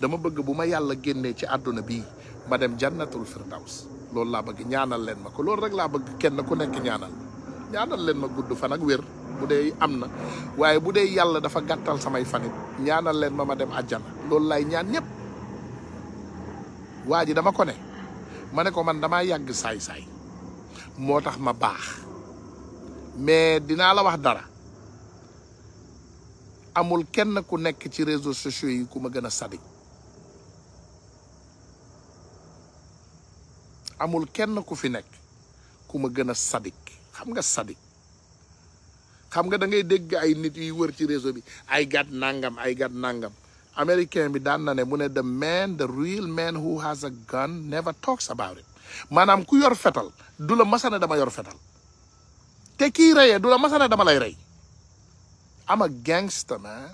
dama bëgg bu ma yàlla génnee ci àdduna bii ma dem jannatul firdaws loolu laa bëgg ñaanal leen ma ko loolu rek laa bëgg kenn ku nekk ñaanal ñaanal leen ma gudd fan ak wér bu dee am na waaye bu dee yàlla dafa gàttal samay fanit ñaanal leen ma ma dem àjjana loolu laay ñaan ñëpp waa ji dama ko ne ma ne ko man damaa yàgg saay-saay moo tax ma baax mais dinaa la wax dara amul kenn ku nekk ci réseaux sociaux yi ku ma gën a sadik amul kenn ku fi nekk ku ma gën a sadik xam nga sadik xam nga da ngay dégg ay nit yuy wër ci réseau bi ay gat nangam ay gat nangam américain bi daan na ne mu ne the man the real man who has a gun never talks about it maanaam ku yor fetal du la masane dama yor fetal te kii reyee du la masane dama lay rey am a gangster man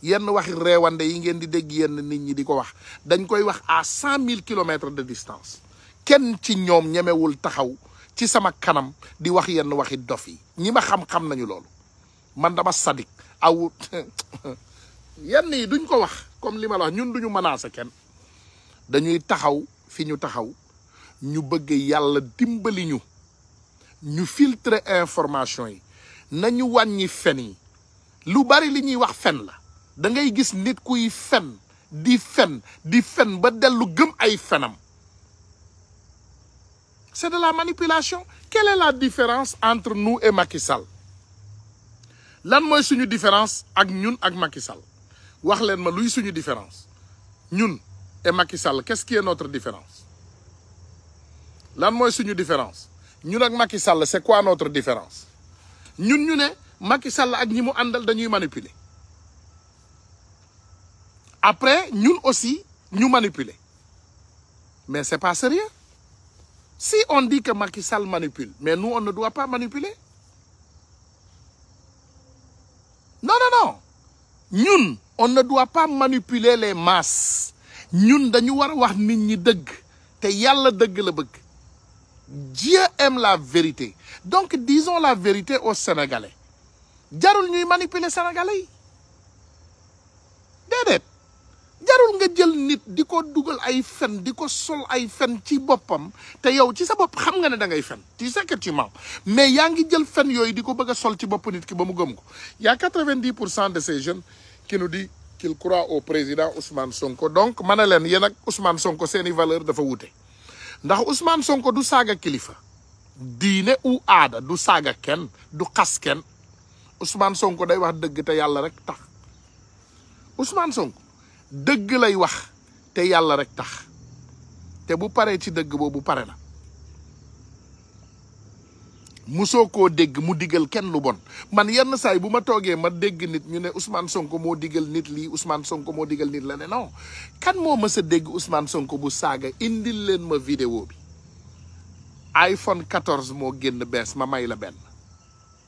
yenn wax reewande yi ngeen di dégg yenn nit ñi di ko wax dañ koy wax à cent mille kilomètres de distance kenn ci ñoom ñemewul taxaw ci sama kanam di wax yenn waxi dof yi ñi ma xam-xam nañu loolu man dama sadik aw yenn yi duñ ko wax comme li ma la wax ñun duñu menacer kenn dañuy taxaw fi ñu taxaw ñu bëgg yàlla dimbali ñu ñu filtre information yi nañu wàññi fen yi lu bari li ñuy wax fen la da ngay gis nit kuy fen di fen di fen ba dellu gëm ay fenam C'est de la manipulation. Quelle est la différence entre nous et Macky Sall lan mooy suñu différence ak ñun ak Macky Sall wax leen ma luy suñu différence ñun et Macky Sall qu'est-ce qui est notre différence lan mooy suñu différence ñun ak Macky Sall c'est quoi notre différence ñun ñu ne Macky Sall ak ñi mu àndal dañuy manipuler après ñun aussi ñu manipuler mais c'est pas sérieux Si on di que Macky manipule, mais nous, on ne doit pas manipuler. Non, non, non. Nous, on ne doit pas manipuler les masses. Nous, nous devons dire les gens te yàlla dëgg la bëgg Dieu aime la vérité donc disons la vérité aux sénégalais jarul ñuy manipuler sénégalais dédét jarul nga jël nit di ko dugal ay fen di ko sol ay fen ci boppam te yow ci sa bopp xam nga ne da ngay fen ti sais que tu mens mais yaa ngi jël fen yooyu di ko bëgg sol ci bopp nit ki ba mu gëm ko yaa a quatre pour cent de ces jeunes qui nous dit qu'il croit au président Ousmane Sonko donc ma ne leen yéen ak Ousmane Sonko seeni valeur dafa wute ndax Ousmane Sonko du saaga kilifa diine ou aada du saaga kenn du xas kenn Ousmane Sonko day wax dëgg te yàlla rek tax Ousmane Sonko. dëgg lay wax te yàlla rek tax te bu paree ci dëgg boobu pare la musoo koo dégg mu digal kenn lu bon man yenn saay bu ma toogee ma dégg nit ñu ne Ousmane Sonko moo digal nit lii Ousmane Sonko moo digal nit la ne non kan moo mës a dégg Ousmane Sonko bu saaga indil leen ma vidéo bi iPhone 14 moo génn bees ma may la benn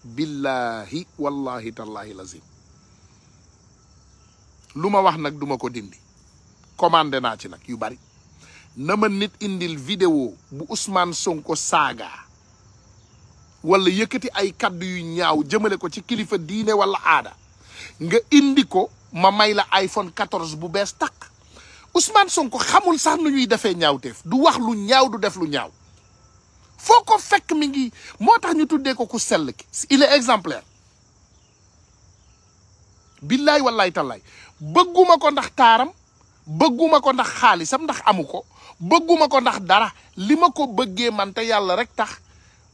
billahi wallahi tallahi lazim lu ma wax nag duma ko dindi commandé naa ci nag yu bari na ma nit indil vidéo bu Ousmane Sonko saaga wala yëkkati ay kaddu yu ñaaw jëmale ko ci kilifa diine wala aada nga indi ko ma may la iPhone 14 bu bees takk Ousmane Sonko xamul sax nu ñuy defee ñaawteef du wax lu ñaaw du def lu ñaaw foo ko fekk mi ngi moo tax ñu tuddee ko ku sell ki il est exemplaire billaay wallaay tallaay bëgguma ko ndax taaram bëgguma ko ndax xaalisam ndax amu ko bëgguma ko ndax dara li ma ko bëggee mante yàlla rek tax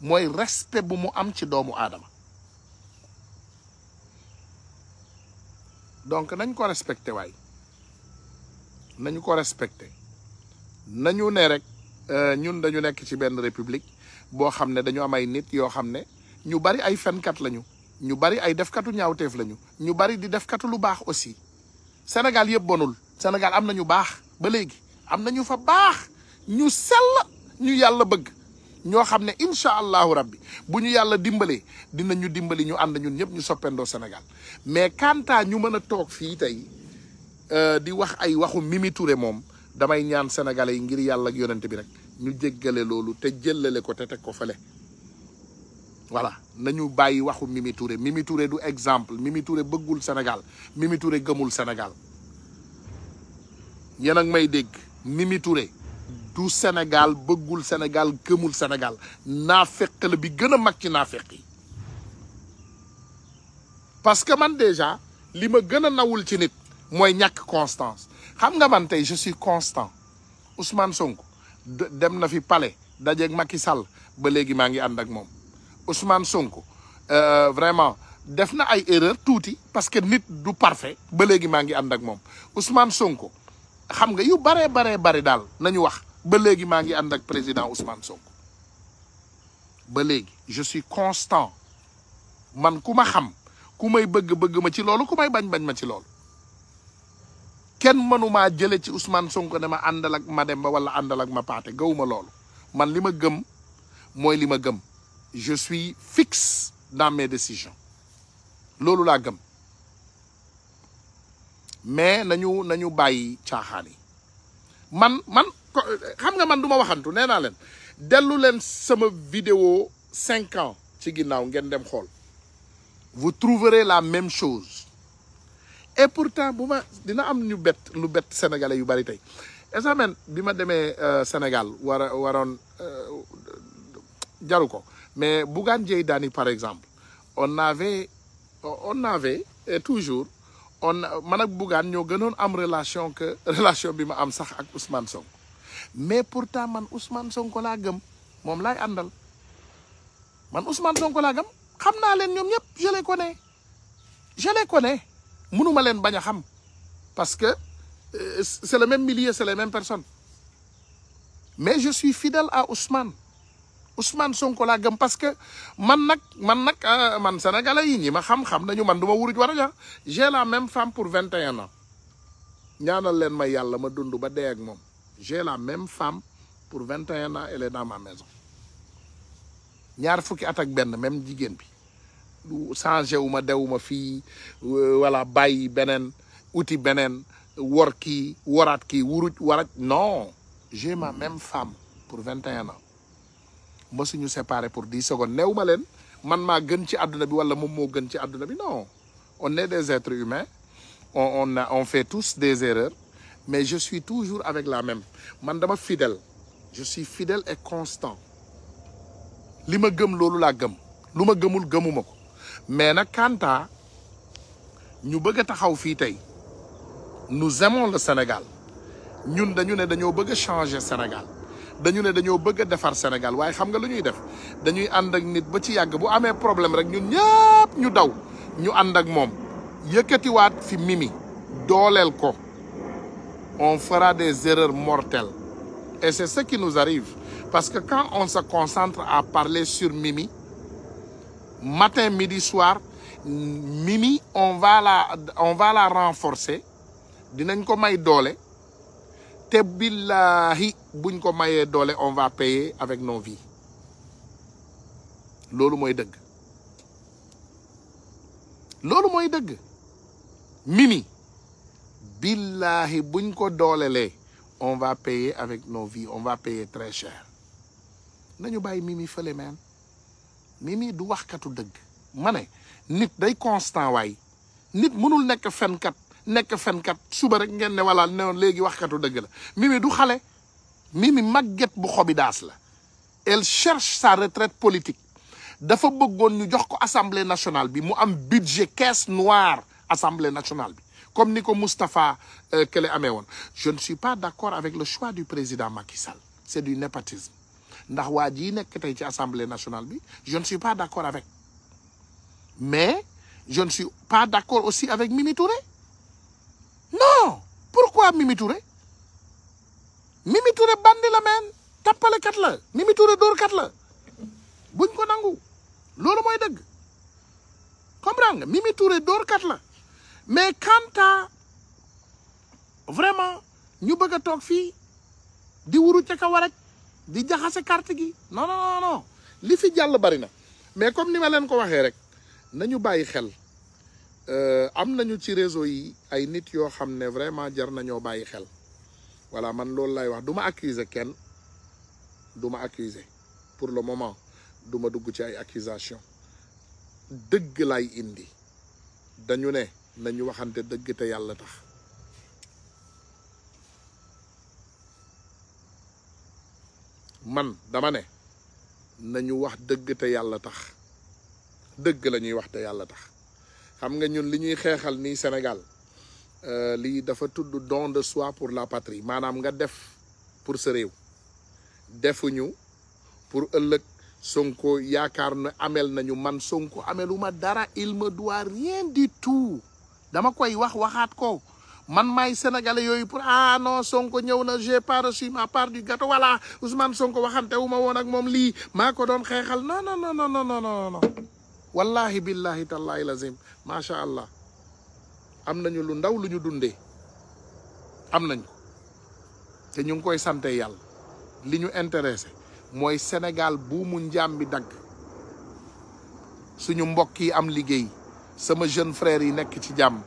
mooy respect bu mu am ci doomu aadama donc nañ ko respecté waay nañu ko respecté nañu ne rek euh, ñun dañu nekk ci benn république boo xam ne dañu am ay nit yoo xam ne ñu bari ay fenkat lañu ñu bari ay defkatu ñaawteef lañu ñu bari di defkatu lu baax aussi Sénégal yëpp bonul Sénégal am na ñu baax ba léegi am na ñu fa baax ñu sell ñu yàlla bëgg ñoo xam ne incha allahu rabbi bu ñu yàlla dimbalee ñu dimbali ñu ànd ñun ñëpp ñu soppendoo Sénégal mais kanta ñu mën a toog fii tey euh, di wax ay waxu Mimi Touré moom damay ñaan sénégalais yi ngir yàlla ak yonent bi rek ñu jéggale loolu te jëllale ko te teg ko fele voilà nañu bàyyi waxu Mimi Touré Mimi Touré du exemple Mimi Touré bëggul Sénégal Mimi Touré gëmul senegal yéen ak may dégg Mimi Touré du Sénégal bëggul Sénégal gëmul Sénégal naafeq la bi gën a mag ci naafeq yi parce que man déjà li ma gën a nawul ci nit mooy ñàkk constance xam nga man tey je suis constant Ousmane Sonko dem na fi palais dajeeg Macky Sall ba léegi maa ngi ànd ak moom Ousmane Sonko euh, vraiment def na ay erreur tuuti parce que nit du parfait ba léegi maa ngi ànd ak moom Ousmane Sonko xam nga yu baree baree bari daal nañu wax ba léegi maa ngi ànd ak président Ousmane Sonko ba léegi je suis constant man ku ma xam ku may bëgg bëgg ma ci loolu ku may bañ bañ ma ci loolu kenn mënumaa jële ci Ousmane Sonko ne ma àndal ak ma dem ba wala àndal ak ma paate gawuma loolu man li ma gëm mooy li ma gëm. je suis fixe dans mes décisions loolu laa gëm mais nañu nañu bàyyi caaxaan yi man man xam nga man duma waxantu nee naa leen dellu leen sama vidéo cinq ans ci ginnaaw ngeen dem xool vous trouverez la même chose et pourtant bu ma dina am ñu bett lu bett sénégalais yu bari tey examen bi ma demee euh, Sénégal war a waroon euh, jaru ko Mais Bougan Dani, par exemple, on avait, on avait, et toujours, on, man ak Bougane ñoo gënoon am relation que relation bi ma am sax ak Ousmane Sonko mais pourtant man Ousmane Sonko laa gëm moom laay àndal man Ousmane Sonko laa gëm xam naa leen ñoom ñëpp je les connais je les connais mënuma leen bañ a xam parce que euh, c'est le même millier c'est les mêmes personnes mais je suis fidèle à Ousmane Ousmane Sonko laa gëm parce que man nag man nag euh, man sénégalais yi ñi ma xam-xam nañu man du ma wuruj war a ja j'ai la même femme pour vingt et un ans ñaanal leen ma yàlla ma dund ba dee ak moom j'ai la même femme pour vingt et un ans elle est maison ñaar fukki at ak benn même jigéen bi changé wu ma dewuma fii wala euh, bàyyi beneen uti beneen wor ki woraat ki wuruj waraj non j'ai ma même femme pour vingt et un ans mësuñu séparé pour dix secondes new ma leen man maa gën ci àdduna bi wala moom moo gën ci àdduna bi non on est des êtres humains on on on fait tous des erreurs mais je suis toujours avec la même man dama fidèle je suis fidèle et constant li ma gëm loolu laa gëm lu ma gëmul gëmuma ko mais nag kanta ñu bëgg a taxaw fii tey nu aimons le Sénégal ñun dañu ne dañoo bëgg a changer Sénégal dañu ne dañoo bëgg a defar Sénégal waaye xam nga lu ñuy def dañuy ànd ak nit ba ci yàgg bu amee problème rek ñun ñëpp ñu daw ñu ànd ak moom yëkkatiwaat fi Mimi dooleel ko on fera des erreurs mortelles et c'est ce qui nous arrive parce que quand on se concentre à parler sur Mimi matin midi soir Mimi on va la on va renforcer dinañ ko may doole te billaahi buñ ko mayee doole on va payer avec nos vies loolu mooy dëgg loolu mooy dëgg mimi billaahi buñ ko doolelee on va payer avec nos vies on va payer très cher nañu bàyyi mimi fële meen mimi du waxkatu dëgg ma ne nit day constant waay nit mënul nekk fenkat nekk fenkat suba rek ngeen ne wala ne léegi waxkatu dëgg la Mimi du xale Mimi magget bu xobi daas la elle cherche sa retraite politique dafa bëggoon ñu jox ko assemblée nationale bi mu am budget caisse noire assemblée nationale bi comme ni ko Moustapha euh, Kele amee woon je ne suis pas d'accord avec le choix du président Macky Sall c'est du népotisme ndax waa jii nekk tey ci assemblée nationale bi je ne suis pas d'accord avec mais je ne suis pas d'accord aussi avec Mimi Touré non pourquoi Mimi Touré Mimi Touré bandi la meen tappalekat la Mimi Touré la buñ ko nangu loolu mooy dëgg comprendre nga Mimi Touré la mais quant à vraiment ñu bëgg a toog fii di wuru ca kaw rek di jaxase carte gi non li fi jàll bari na mais comme ni ma leen ko waxee rek nañu bàyyi xel. Euh, am nañu ci réseau yi ay nit yoo xam ne vraiment jar nañoo bàyyi xel voilà man loolu lay wax du ma accuser kenn du ma accuser pour le moment duma dugg ci ay accusation dëgg lay indi dañu ne nañu waxante dëgg te yàlla tax man dama ne nañu wax dëgg yàlla tax dëgg la ñuy wax te yàlla tax xam nga ñun li ñuy xeexal nii Sénégal euh, lii dafa tudd don de soi pour la patrie maanaam nga def pour sa réew defuñu pour ëllëg Sonko yaakaar na amel nañu man Sonko ameluma dara il me doit rien du tout dama koy wax waxaat ko man maay sénégalais yooyu pour ah non Sonko ñëw na j'ai par reçu ma par du gâteau voilà Ousmane Sonko waxante wu woon ak moom lii maa ko doon xeexal non non non non wallahi billahi tallahi lazim macha allah am nañu lu ndaw lu ñu dundee am nañu te ñu ngi koy sante yàlla li ñu intéressé mooy Sénégal buumu njaam bi dagg suñu mbokk yi am liggéey sama jeune frère yi nekk ci jàmm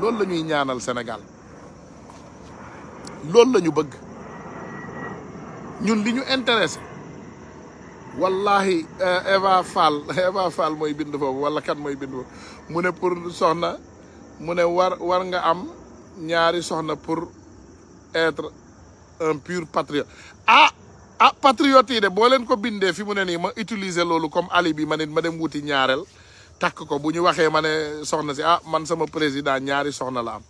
loolu la ñuy ñaanal Sénégal loolu la ñu bëgg ñun li ñu intéressé wallahi eh, Eva Fall Eva Fall mooy bind foofu wala kan mooy bind foofu mu ne pour soxna mu ne war war nga am ñaari soxna pour être un pur patriote a ah, ah patriote de boo leen ko bindee fi mu ne nii ma utiliser loolu comme alibi ma nit ma dem wuti ñaareel takk ko bu ñu waxee ma ne soxna si ah man sama président ñaari soxna la am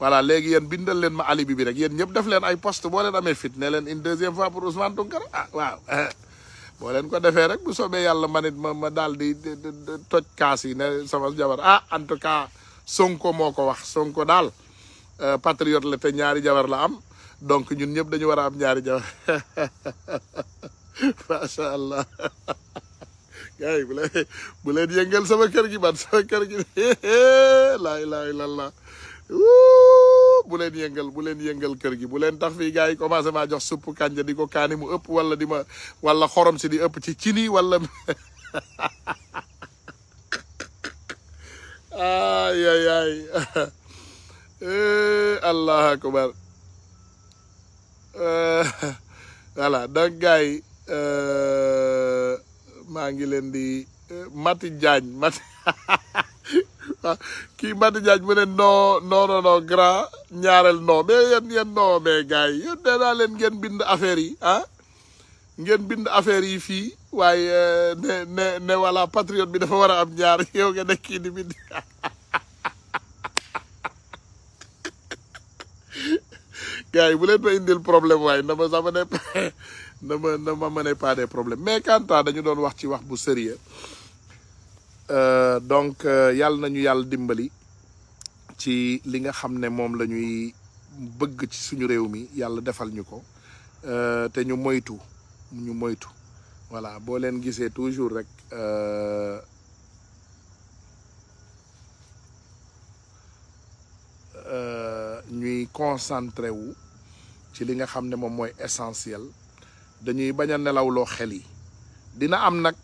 voilà léegi yéen bindal leen ma alibi bi rek yen ñëpp def leen ay post boo leen amee fit ne leen une deuxième fois pour Ousmane Tounkara ah waaw boo leen ko defee rek bu soobee yàlla man ma ma daal di toj kaas yi ne sama jabar ah en tout cas Sonko moo ko wax Sonko daal euh, patriote la te ñaari jabar la am donc ñun ñëpp dañu war a am ñaari jabar macha allah gars bu leen bu sama kër gi man sama kër gi laa ilaaha illallah bu leen yëngal bu leen yëngal kër gi bu leen tax fii gars yi commencé jox supp kanja di ko kaani mu ëpp wala di ma wala xorom si di ëpp ci cini wala ay ay eh, akbar eh, voilà donc gars eh, maa ngi leen di Mati Diagne Mati kii Madi Diagne mu ne non non non grand ñaareel non mais yéen yéen mais gars yi yéen nee leen ngeen bind affaire yi ah ngeen bind affaire yi fii waaye euh, ne ne ne voilà bi dafa war a am ñaar yow nga nekk kii di bind gars yi bu leen ma indil problème waaye na ma sama ne na ma na ma ne pas des problèmes mais quant à dañu doon wax ci wax bu sérieux Euh, donc euh, yàlla nañu yàlla dimbali ci li nga xam ne moom la ñuy bëgg ci suñu réew mi yàlla defal ñu ko euh, te ñu moytu ñu moytu voilà boo leen gisee toujours rek ñuy concentré wu ci li nga xam ne moom mooy essentiel dañuy bañ a loo xel yi dina am nag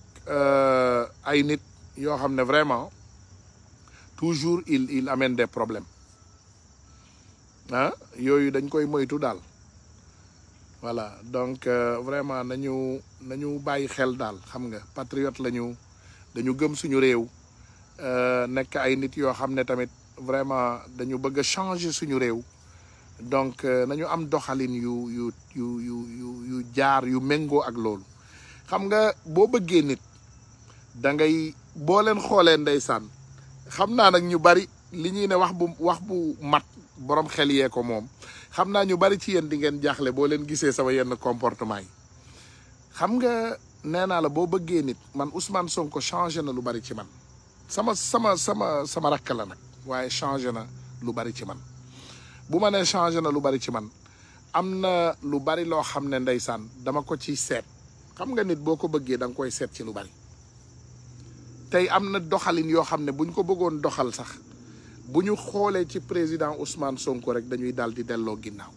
ay nit yoo xam ne vraiment toujours il il des problèmes ah yooyu dañ koy moytu daal voilà donc euh, vraiment nañu nañu bàyyi xel daal xam nga patriote lañu dañu gëm suñu réew euh, nekk ay nit yoo xam ne tamit vraiment dañu bëgg a changer suñu réew donc euh, nañu am doxalin yu yu yu yu yu jaar yu méngoo ak loolu xam nga boo bëggee nit da boo leen xoolee ndeysaan xam naa nag ñu bari li ñuy ne wax bu wax bu mat borom xel yee ko moom xam naa ñu bari ci yéen di ngeen jaaxle boo leen gisee sama yenn comportement yi xam nga nee naa la boo bëggee nit man Ousmane Sonko changé na lu bari ci man sama sama sama sama rakk la nag waaye changé na lu bari ci man bu ma nee changé na lu bari ci man am na lu bari loo xam ne ndeysaan dama ko ci seet xam nga nit boo ko bëggee da nga koy seet ci lu bari tey am na doxalin yoo xam ne bu ñu ko bëggoon doxal sax bu ñu xoolee ci président Ousmane Sonko rek dañuy daal di delloo ginnaaw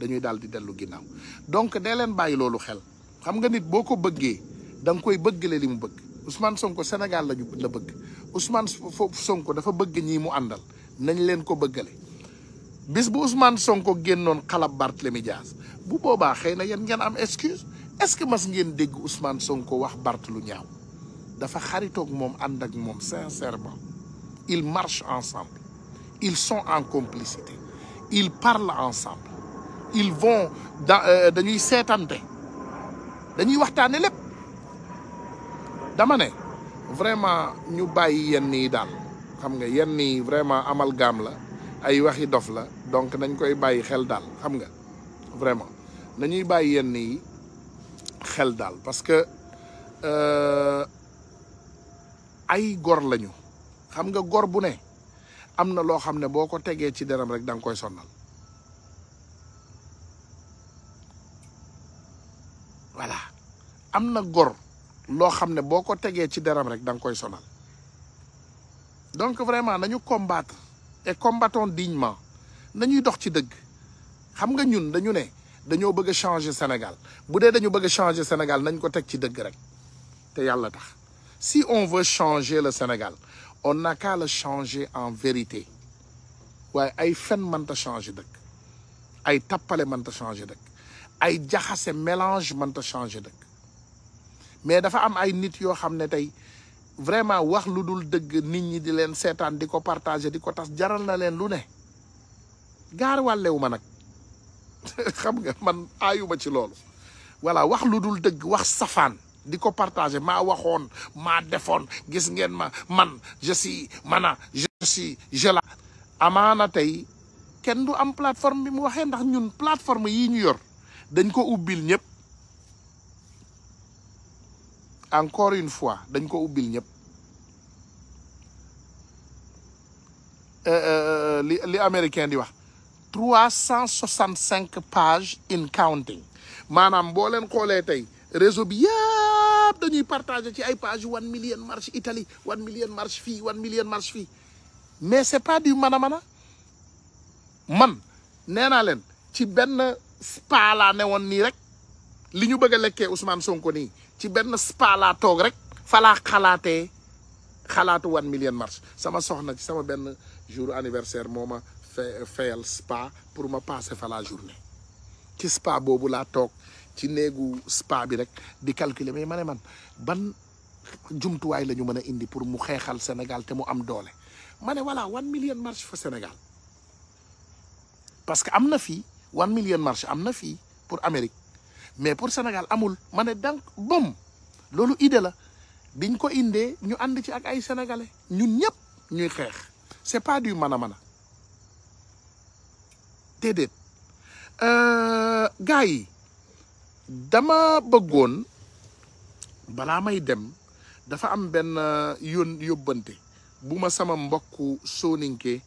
dañuy daal di dellu ginnaaw donc dee leen bàyyi loolu xel xam nga nit boo ko bëggee da koy bëgg lee li mu bëgg Ousmane Sonko Sénégal lañu la bëgg Ousmane Sonko dafa bëgg ñii mu àndal nañ leen ko bëggale bis bu Ousmane Sonko génnoon xalab Barthélemy Dias bu boobaa xëy na yéen ngeen am excuse est-ce que mas ngeen dégg Ousmane Sonko wax Barth lu ñaaw. dafa xaritoog moom ànd ak moom sincèrement ils marchent ensemble ils sont en complicité ils parlent ensemble ils vont da euh, dañuy seetante dañuy waxtaane lépp dama ne vraiment ñu bàyyi yenn yi daal xam nga yenn yi vraiment amalgame la ay waxi dof la donc nañ koy bàyyi xel daal xam nga vraiment nañuy bàyyi yenn yi xel daal parce que euh, ay gor lañu xam nga gor bu ne am na loo xam ne boo ko tegee ci deram rek da nga koy sonnal voilà am na gor loo xam ne boo ko tegee ci deram rek da koy sonal donc vraiment nañu combattre et combattons dignement nañuy dox ci dëgg xam nga ñun dañu ne dañoo bëgg a changer Sénégal bu dee dañu bëgg a changer Sénégal nañ ko teg ci dëgg rek te yàlla tax Si on veut changer le Sénégal, on n'a qu'à le changer en vérité. waaye ay fen mënta changer dëkk ay tappale mënta changer dëkk ay jaxase mélange mënta changer dëkk mais dafa am ay nit yoo xam ne tey vraiment wax lu dul dëgg nit ñi di leen seetaan di ko partager di ko tas jaral na leen lu ne gaar wàllewu ma nag xam nga man aayuma ci loolu voilà wax lu dul dëgg wax safaan di ko partager maa waxoon maa defoon gis ngeen ma man je mana je gela je la amaana tey kenn du am plateforme bi mu waxee ndax ñun plateforme yi ñu yor dañ ko ubbil ñëpp encore une fois dañ ko ubbil ñëpp euh, euh, euh, li li américain di wax trois cent soixante cinq pages in counting maanaam boo leen xoolee tey réseau bi yëpp dañuy partager ci ay page one million marche Italie one million marche fii one million marche fii mais c'est pas du mana mana man nee naa leen ci benn spa laa ne woon nii rek li ñu bëgg a lekkee Ousmane Sonko nii ci benn spa laa toog rek fa laa xalaatee xalaatu one million marche sama soxna ci sama benn jour anniversaire moom a fayal spa pour ma passer fala la journée ci spa boobu laa toog. ci néegu spa bi rek di calculer mais ma man ban jumtuwaay lañu ñu mën a indi pour mu xeexal Sénégal te mu am doole ma ne voilà one million marche fa Sénégal parce que am na fii one million marche am na fii pour Amérique mais pour Sénégal amul ma ne donc bom loolu idée la biñ ko indee ñu ànd ci ak ay sénégalais ñun ñëpp ñuy xeex c'est pas du mana mana déedéet euh, gars yi. dama bëggoon balaa may dem dafa am benn uh, yoon yóbbante bu ma sama mbokku sooninke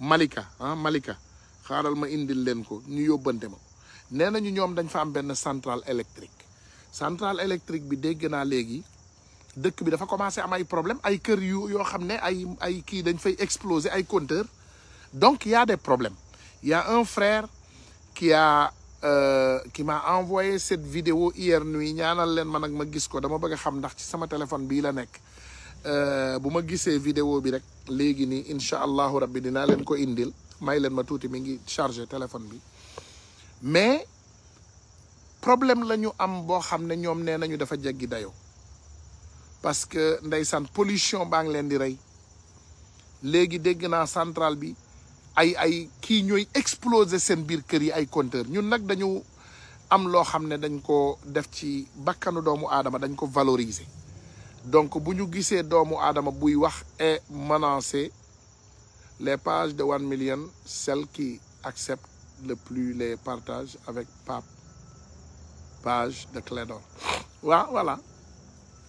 Malika ah Malika xaaral ma indil leen ko ñu yóbbante ma nee nañu ñoom dañ fa am benn centrale électrique centrale électrique bi dégg naa léegi dëkk bi dafa commencé am ay problème ay kër yu yoo xam ne ay ay kii dañ fay exploser ay compteur donc y a des problèmes y un frère qui a Euh, qui m'a envoyé cette vidéo hier nuit ñaanal leen ma nag ma gis ko dama bëgg a xam ndax ci sama téléphone bii la nekk euh, bu ma gisee vidéo bi rek léegi nii incha allahu rabbi dinaa leen ko indil may leen ma tuuti mi ngi chargé téléphone bi mais problème lañu am boo xam ne ñoom nee nañu dafa jeggi dayo parce que ndeysaan pollution baa ngi leen di rey léegi dégg naa centrale bi ay ay kii ñooy exploser seen biir kër yi ay compteur ñun nag dañu am loo xam ne dañ ko def ci bakkanu doomu aadama dañ ko valoriser donc bu ñu gisee doomu aadama buy wax et menacer les pages de one million celles qui acceptent le plus les partages avec Pape page de Clédor waaw voilà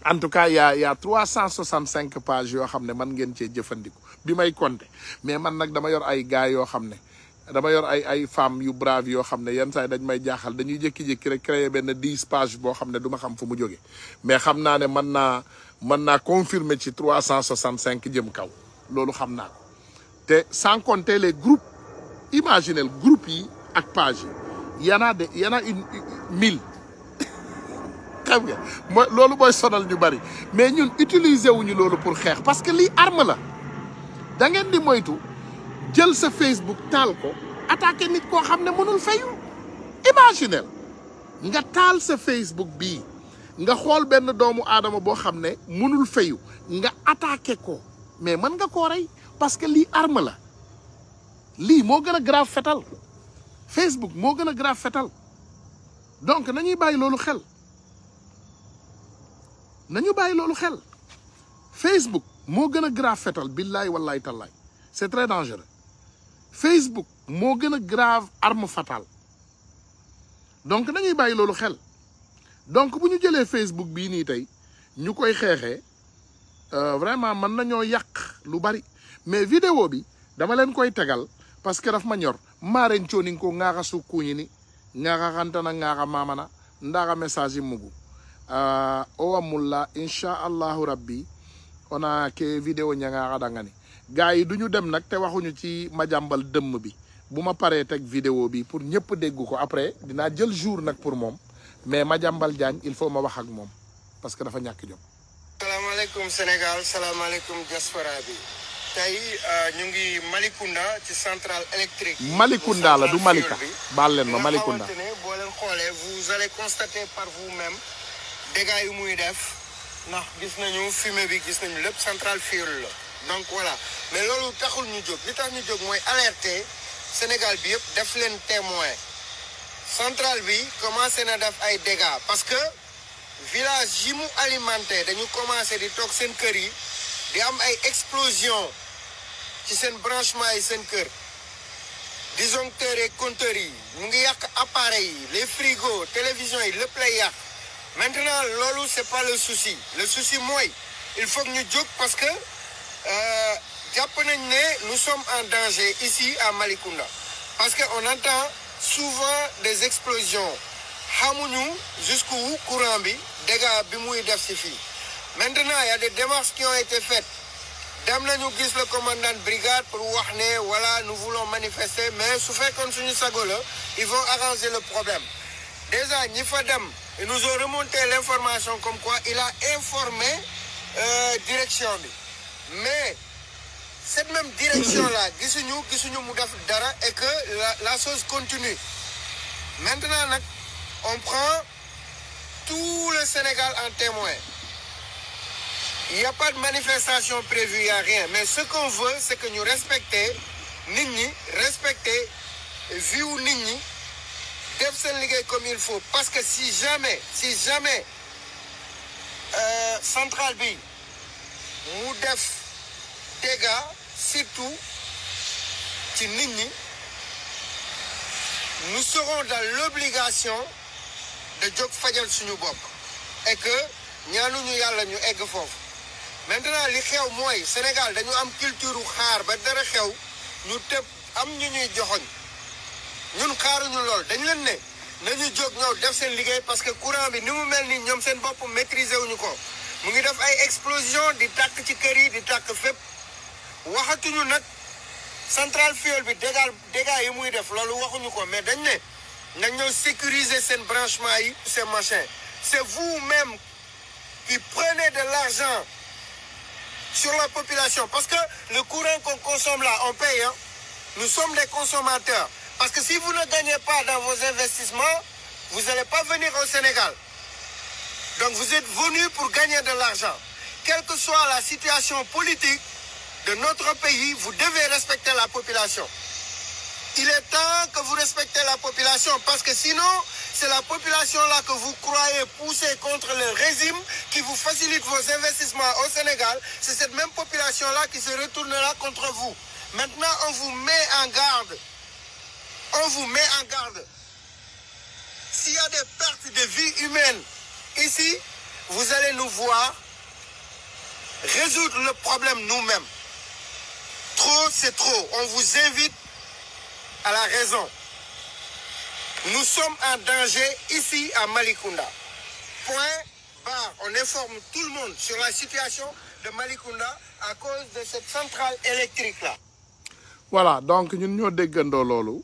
en tout cas ya a y' a trois cent soixante cinq pages yoo xam ne man ngeen cee jëfandiku bi may compter mais man nag dama yor ay gars yoo xam ne dama yor ay ay femmes yu brave yoo xam ne yan saa yi dañ may jaaxal dañuy jékki-jékki rek créer benn dix pages bo xam ne du xam fu mu jógee mais xam naa ne man naa mën naa confirmer ci trois cent soixante cinq jëm kaw loolu xam naa te sans compter les groupes imaginez groupes yi ak pages yi y en de y une mille xam nga mooy loolu mooy sonal ñu bari mais ñun utiliser wuñu loolu pour xeex parce que lii arme la da ngeen di moytu jël sa Facebook taal ko attaqué nit koo xam ne mënul fayu imaginel nga taal sa Facebook bii nga xool benn doomu aadama boo xam ne mënul fayu nga attaqué ko mais mën nga koo rey parce que lii arme la lii moo gën a grave fetal Facebook moo gën a grave fetal donc nañuy bàyyi loolu xel nañu bàyyi loolu xel Facebook moo gën a grave fetal billaay wallaay tallaay c'est très dangereux Facebook moo gën a grave arme fatale donc nañuy bàyyi loolu xel donc bu ñu jëlee Facebook bii nii tey ñu koy xeexee euh, vraiment mën nañoo yàq lu bari mais vidéo bi dama leen koy tegal parce que daf ma ñor maaren cooninga ko ngaaxa sukkuñi ni ngaaxa xantana ngaaxa maamana ndaxa message yi mugu uh, owa mulla insha allahu rabbi ona ke vidéo ñangaxaɗa ngani gars yi duñu dem nag te waxuñu ci majàmbal dëmm bi bu ma paree teg vidéo bi pour ñëpp dégg ko après dinaa jël jour nag pour moom mais Madiambal Diagne il faut ma wax ak moom parce que dafa ñàkk jom salaamaaleykum Sénégal salaamaaleykum diaspora bi tey euh, ñu ngi Malicounda ci centrale électrique Malicounda la du Malika baal leen ma Malicounda boo leen xoolee vous par dégâts yi muy def ndax gis nañu fumée bi gis nañu lépp centrale fiir la donc voilà mais loolu taxul ñu jóg li tax ñu jóg mooy alerter Sénégal bi yëpp def leen témoin centrale bi commencé na def ay dégâts parce que village yi mu alimenté dañu commencé di toog seen kër yi di am ay explosion ci seen branchement yi seen kër disjoncteurs et compteurs yi mu ngi yàq appareils yi les frigos télévisions yi lépp lay yàq maintenant loolu c'est pas le souci le souci mooy il faut que ñu jóg parce que euh, jàpp nañ ne nous sommes en danger ici à Malicounda parce que on entend souvent des explosions xamuñu jusqu'où courant bi dégâts bi muy def ci fii maintenant il y a des démarches qui ont été faites dem nañu gis le commandant de brigade pour wax ne voilà nous voulons manifester mais su fekkoon suñu sago la ils vont arranger le problème déjà ñi fa dem Ils nous ont remonté l'information comme quoi il a informé euh, direction bi mais cette même direction là gisuñu gisuñu mu def dara est que la la chose continue maintenant nag on prend tout le Sénégal en témoin il n'y a pas de manifestation prévue il a rien mais ce qu'on veut c'est que ñu respecter nit ñi respecter viu nit ñi def seen liggéey comme il faut parce que si jamais si jamais euh, centrale bi mu def dégâts surtout ci nit ñi nous serons dans l'obligation de jóg fajal suñu bopp et que ñaanuñu yàlla ñu egg foofu maintenant li xew mooy Sénégal dañu am culture xaar ba dara xew ñu tëb am ñu ñuy joxoñ ñun xaaruñu lool dañu leen ne nañu jóg ñëw def seen liggéey parce que courant bi ni mu mel ni ñoom seen bopp maîtriser wuñu ko mu ngi def ay explosion di tàkk ci kër yi di tàkk fépp waxatuñu nag centrale fuel bi dégâts dégâts yi muy def loolu waxuñu ko mais dañ ne nañ ñëw sécuriser seen branchement yi ces machins c'est vous-même qui prenez de l'argent sur la population parce que le courant qu'on consomme la on paye nu nous sommes des Parce que si vous ne gagnez pas dans vos investissements, vous n'allez pas venir au Sénégal. Donc vous êtes venu pour gagner de l'argent. Quelle que soit la situation politique de notre pays, vous devez respecter la population. Il est temps que vous respectez la population parce que sinon, c'est la population-là que vous croyez pousser contre le régime qui vous facilite vos investissements au Sénégal. C'est cette même population-là qui se retournera contre vous. Maintenant, on en garde. on vous met en garde. S'il y a des pertes de vie humaine ici, vous allez nous voir résoudre le problème nous-mêmes. Trop, c'est trop. On vous invite à la raison. Nous sommes en danger ici à Malikunda. Point barre. On informe tout le monde sur la situation de Malikunda à cause de cette centrale électrique-là. Voilà, donc ñun ñoo déggandoo loolu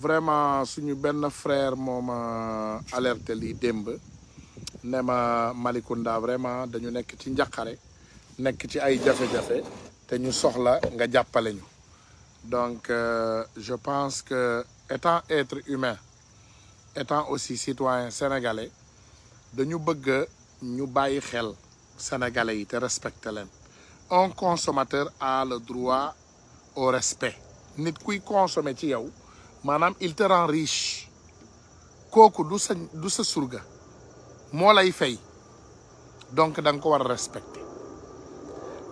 vraiment suñu benn frère moo ma euh, alerté lii démb ne ma vraiment dañu nekk ci njaqare nekk ci ay jafe-jafe te ñu soxla nga jàppale ñu donc euh, je pense que étant être humain étant aussi citoyen sénégalais dañu bëgg ñu bàyyi xel sénégalais yi te respecté leen un consommateur a le droit au respect nit kuy consommer ci yow maanaam il te riche kooku du sa du sa surga moo lay fay donc da nga ko war a respecter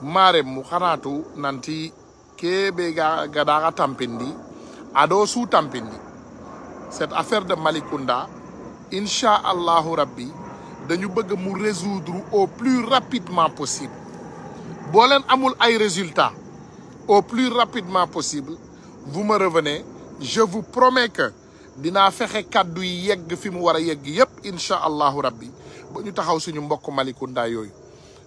maarem mu xanaatu nanti keɓe gadaxa tampindi aɗo su tampindi cette affaire de Malicounda incha allahu rabbi dañu bëgg mu résoudre au plus rapidement possible boo leen amul ay résultats au plus rapidement possible vous me revenez je vous promets que dinaa fexe kàddu yi yegg fi mu war a yegg yëpp incha allahu rabbi ba ñu taxaw suñu mbokk malikundaa yooyu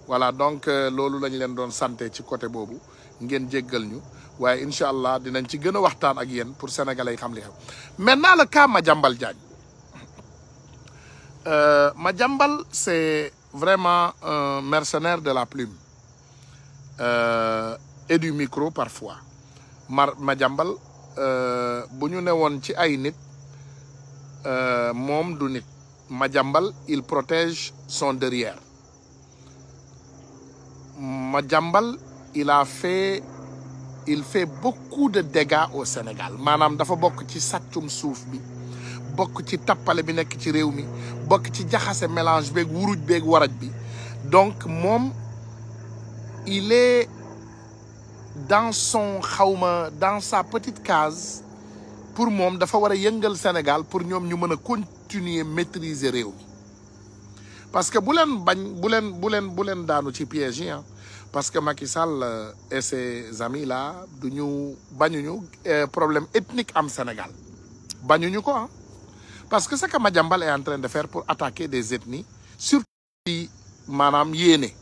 voilà donc euh, loolu lañu leen doon santé ci côté boobu ngeen jéggal ñu waaye incha allah dinañ ci gën a waxtaan ak yéen pour sénégalais xam li xew maintenant la cas Madiambal Diagne euh, Madiambal c'est vraiment un mercenaire de la plume euh, et du micro parfois Mar Madiambal Euh, bu ñu ne woon ci ay nit euh, moom du nit Madiambal il protège son derrière Madiambal il a fait il fait beaucoup de dégâts au Sénégal maanaam dafa bokk ci sàccum suuf bi bokk ci tappale bi nekk ci réew mi bokk ci jaxase mélange beeg wuruj beeg waraj bi donc moom il est dans son xawma dans sa petite case pour moom dafa war a yëngal Sénégal pour ñoom ñu mën a continuer maîtriser réew mi parce que bu leen bañ bu leen bu leen bu leen daanu ci piège yi parce que Macky Sall euh, et ses amis là du ñu bañuñu euh, problème ethnique am Sénégal bañuñu ko ah parce que ce que Madiambal est en train de faire pour attaquer des ethnies surtout maanaam yéene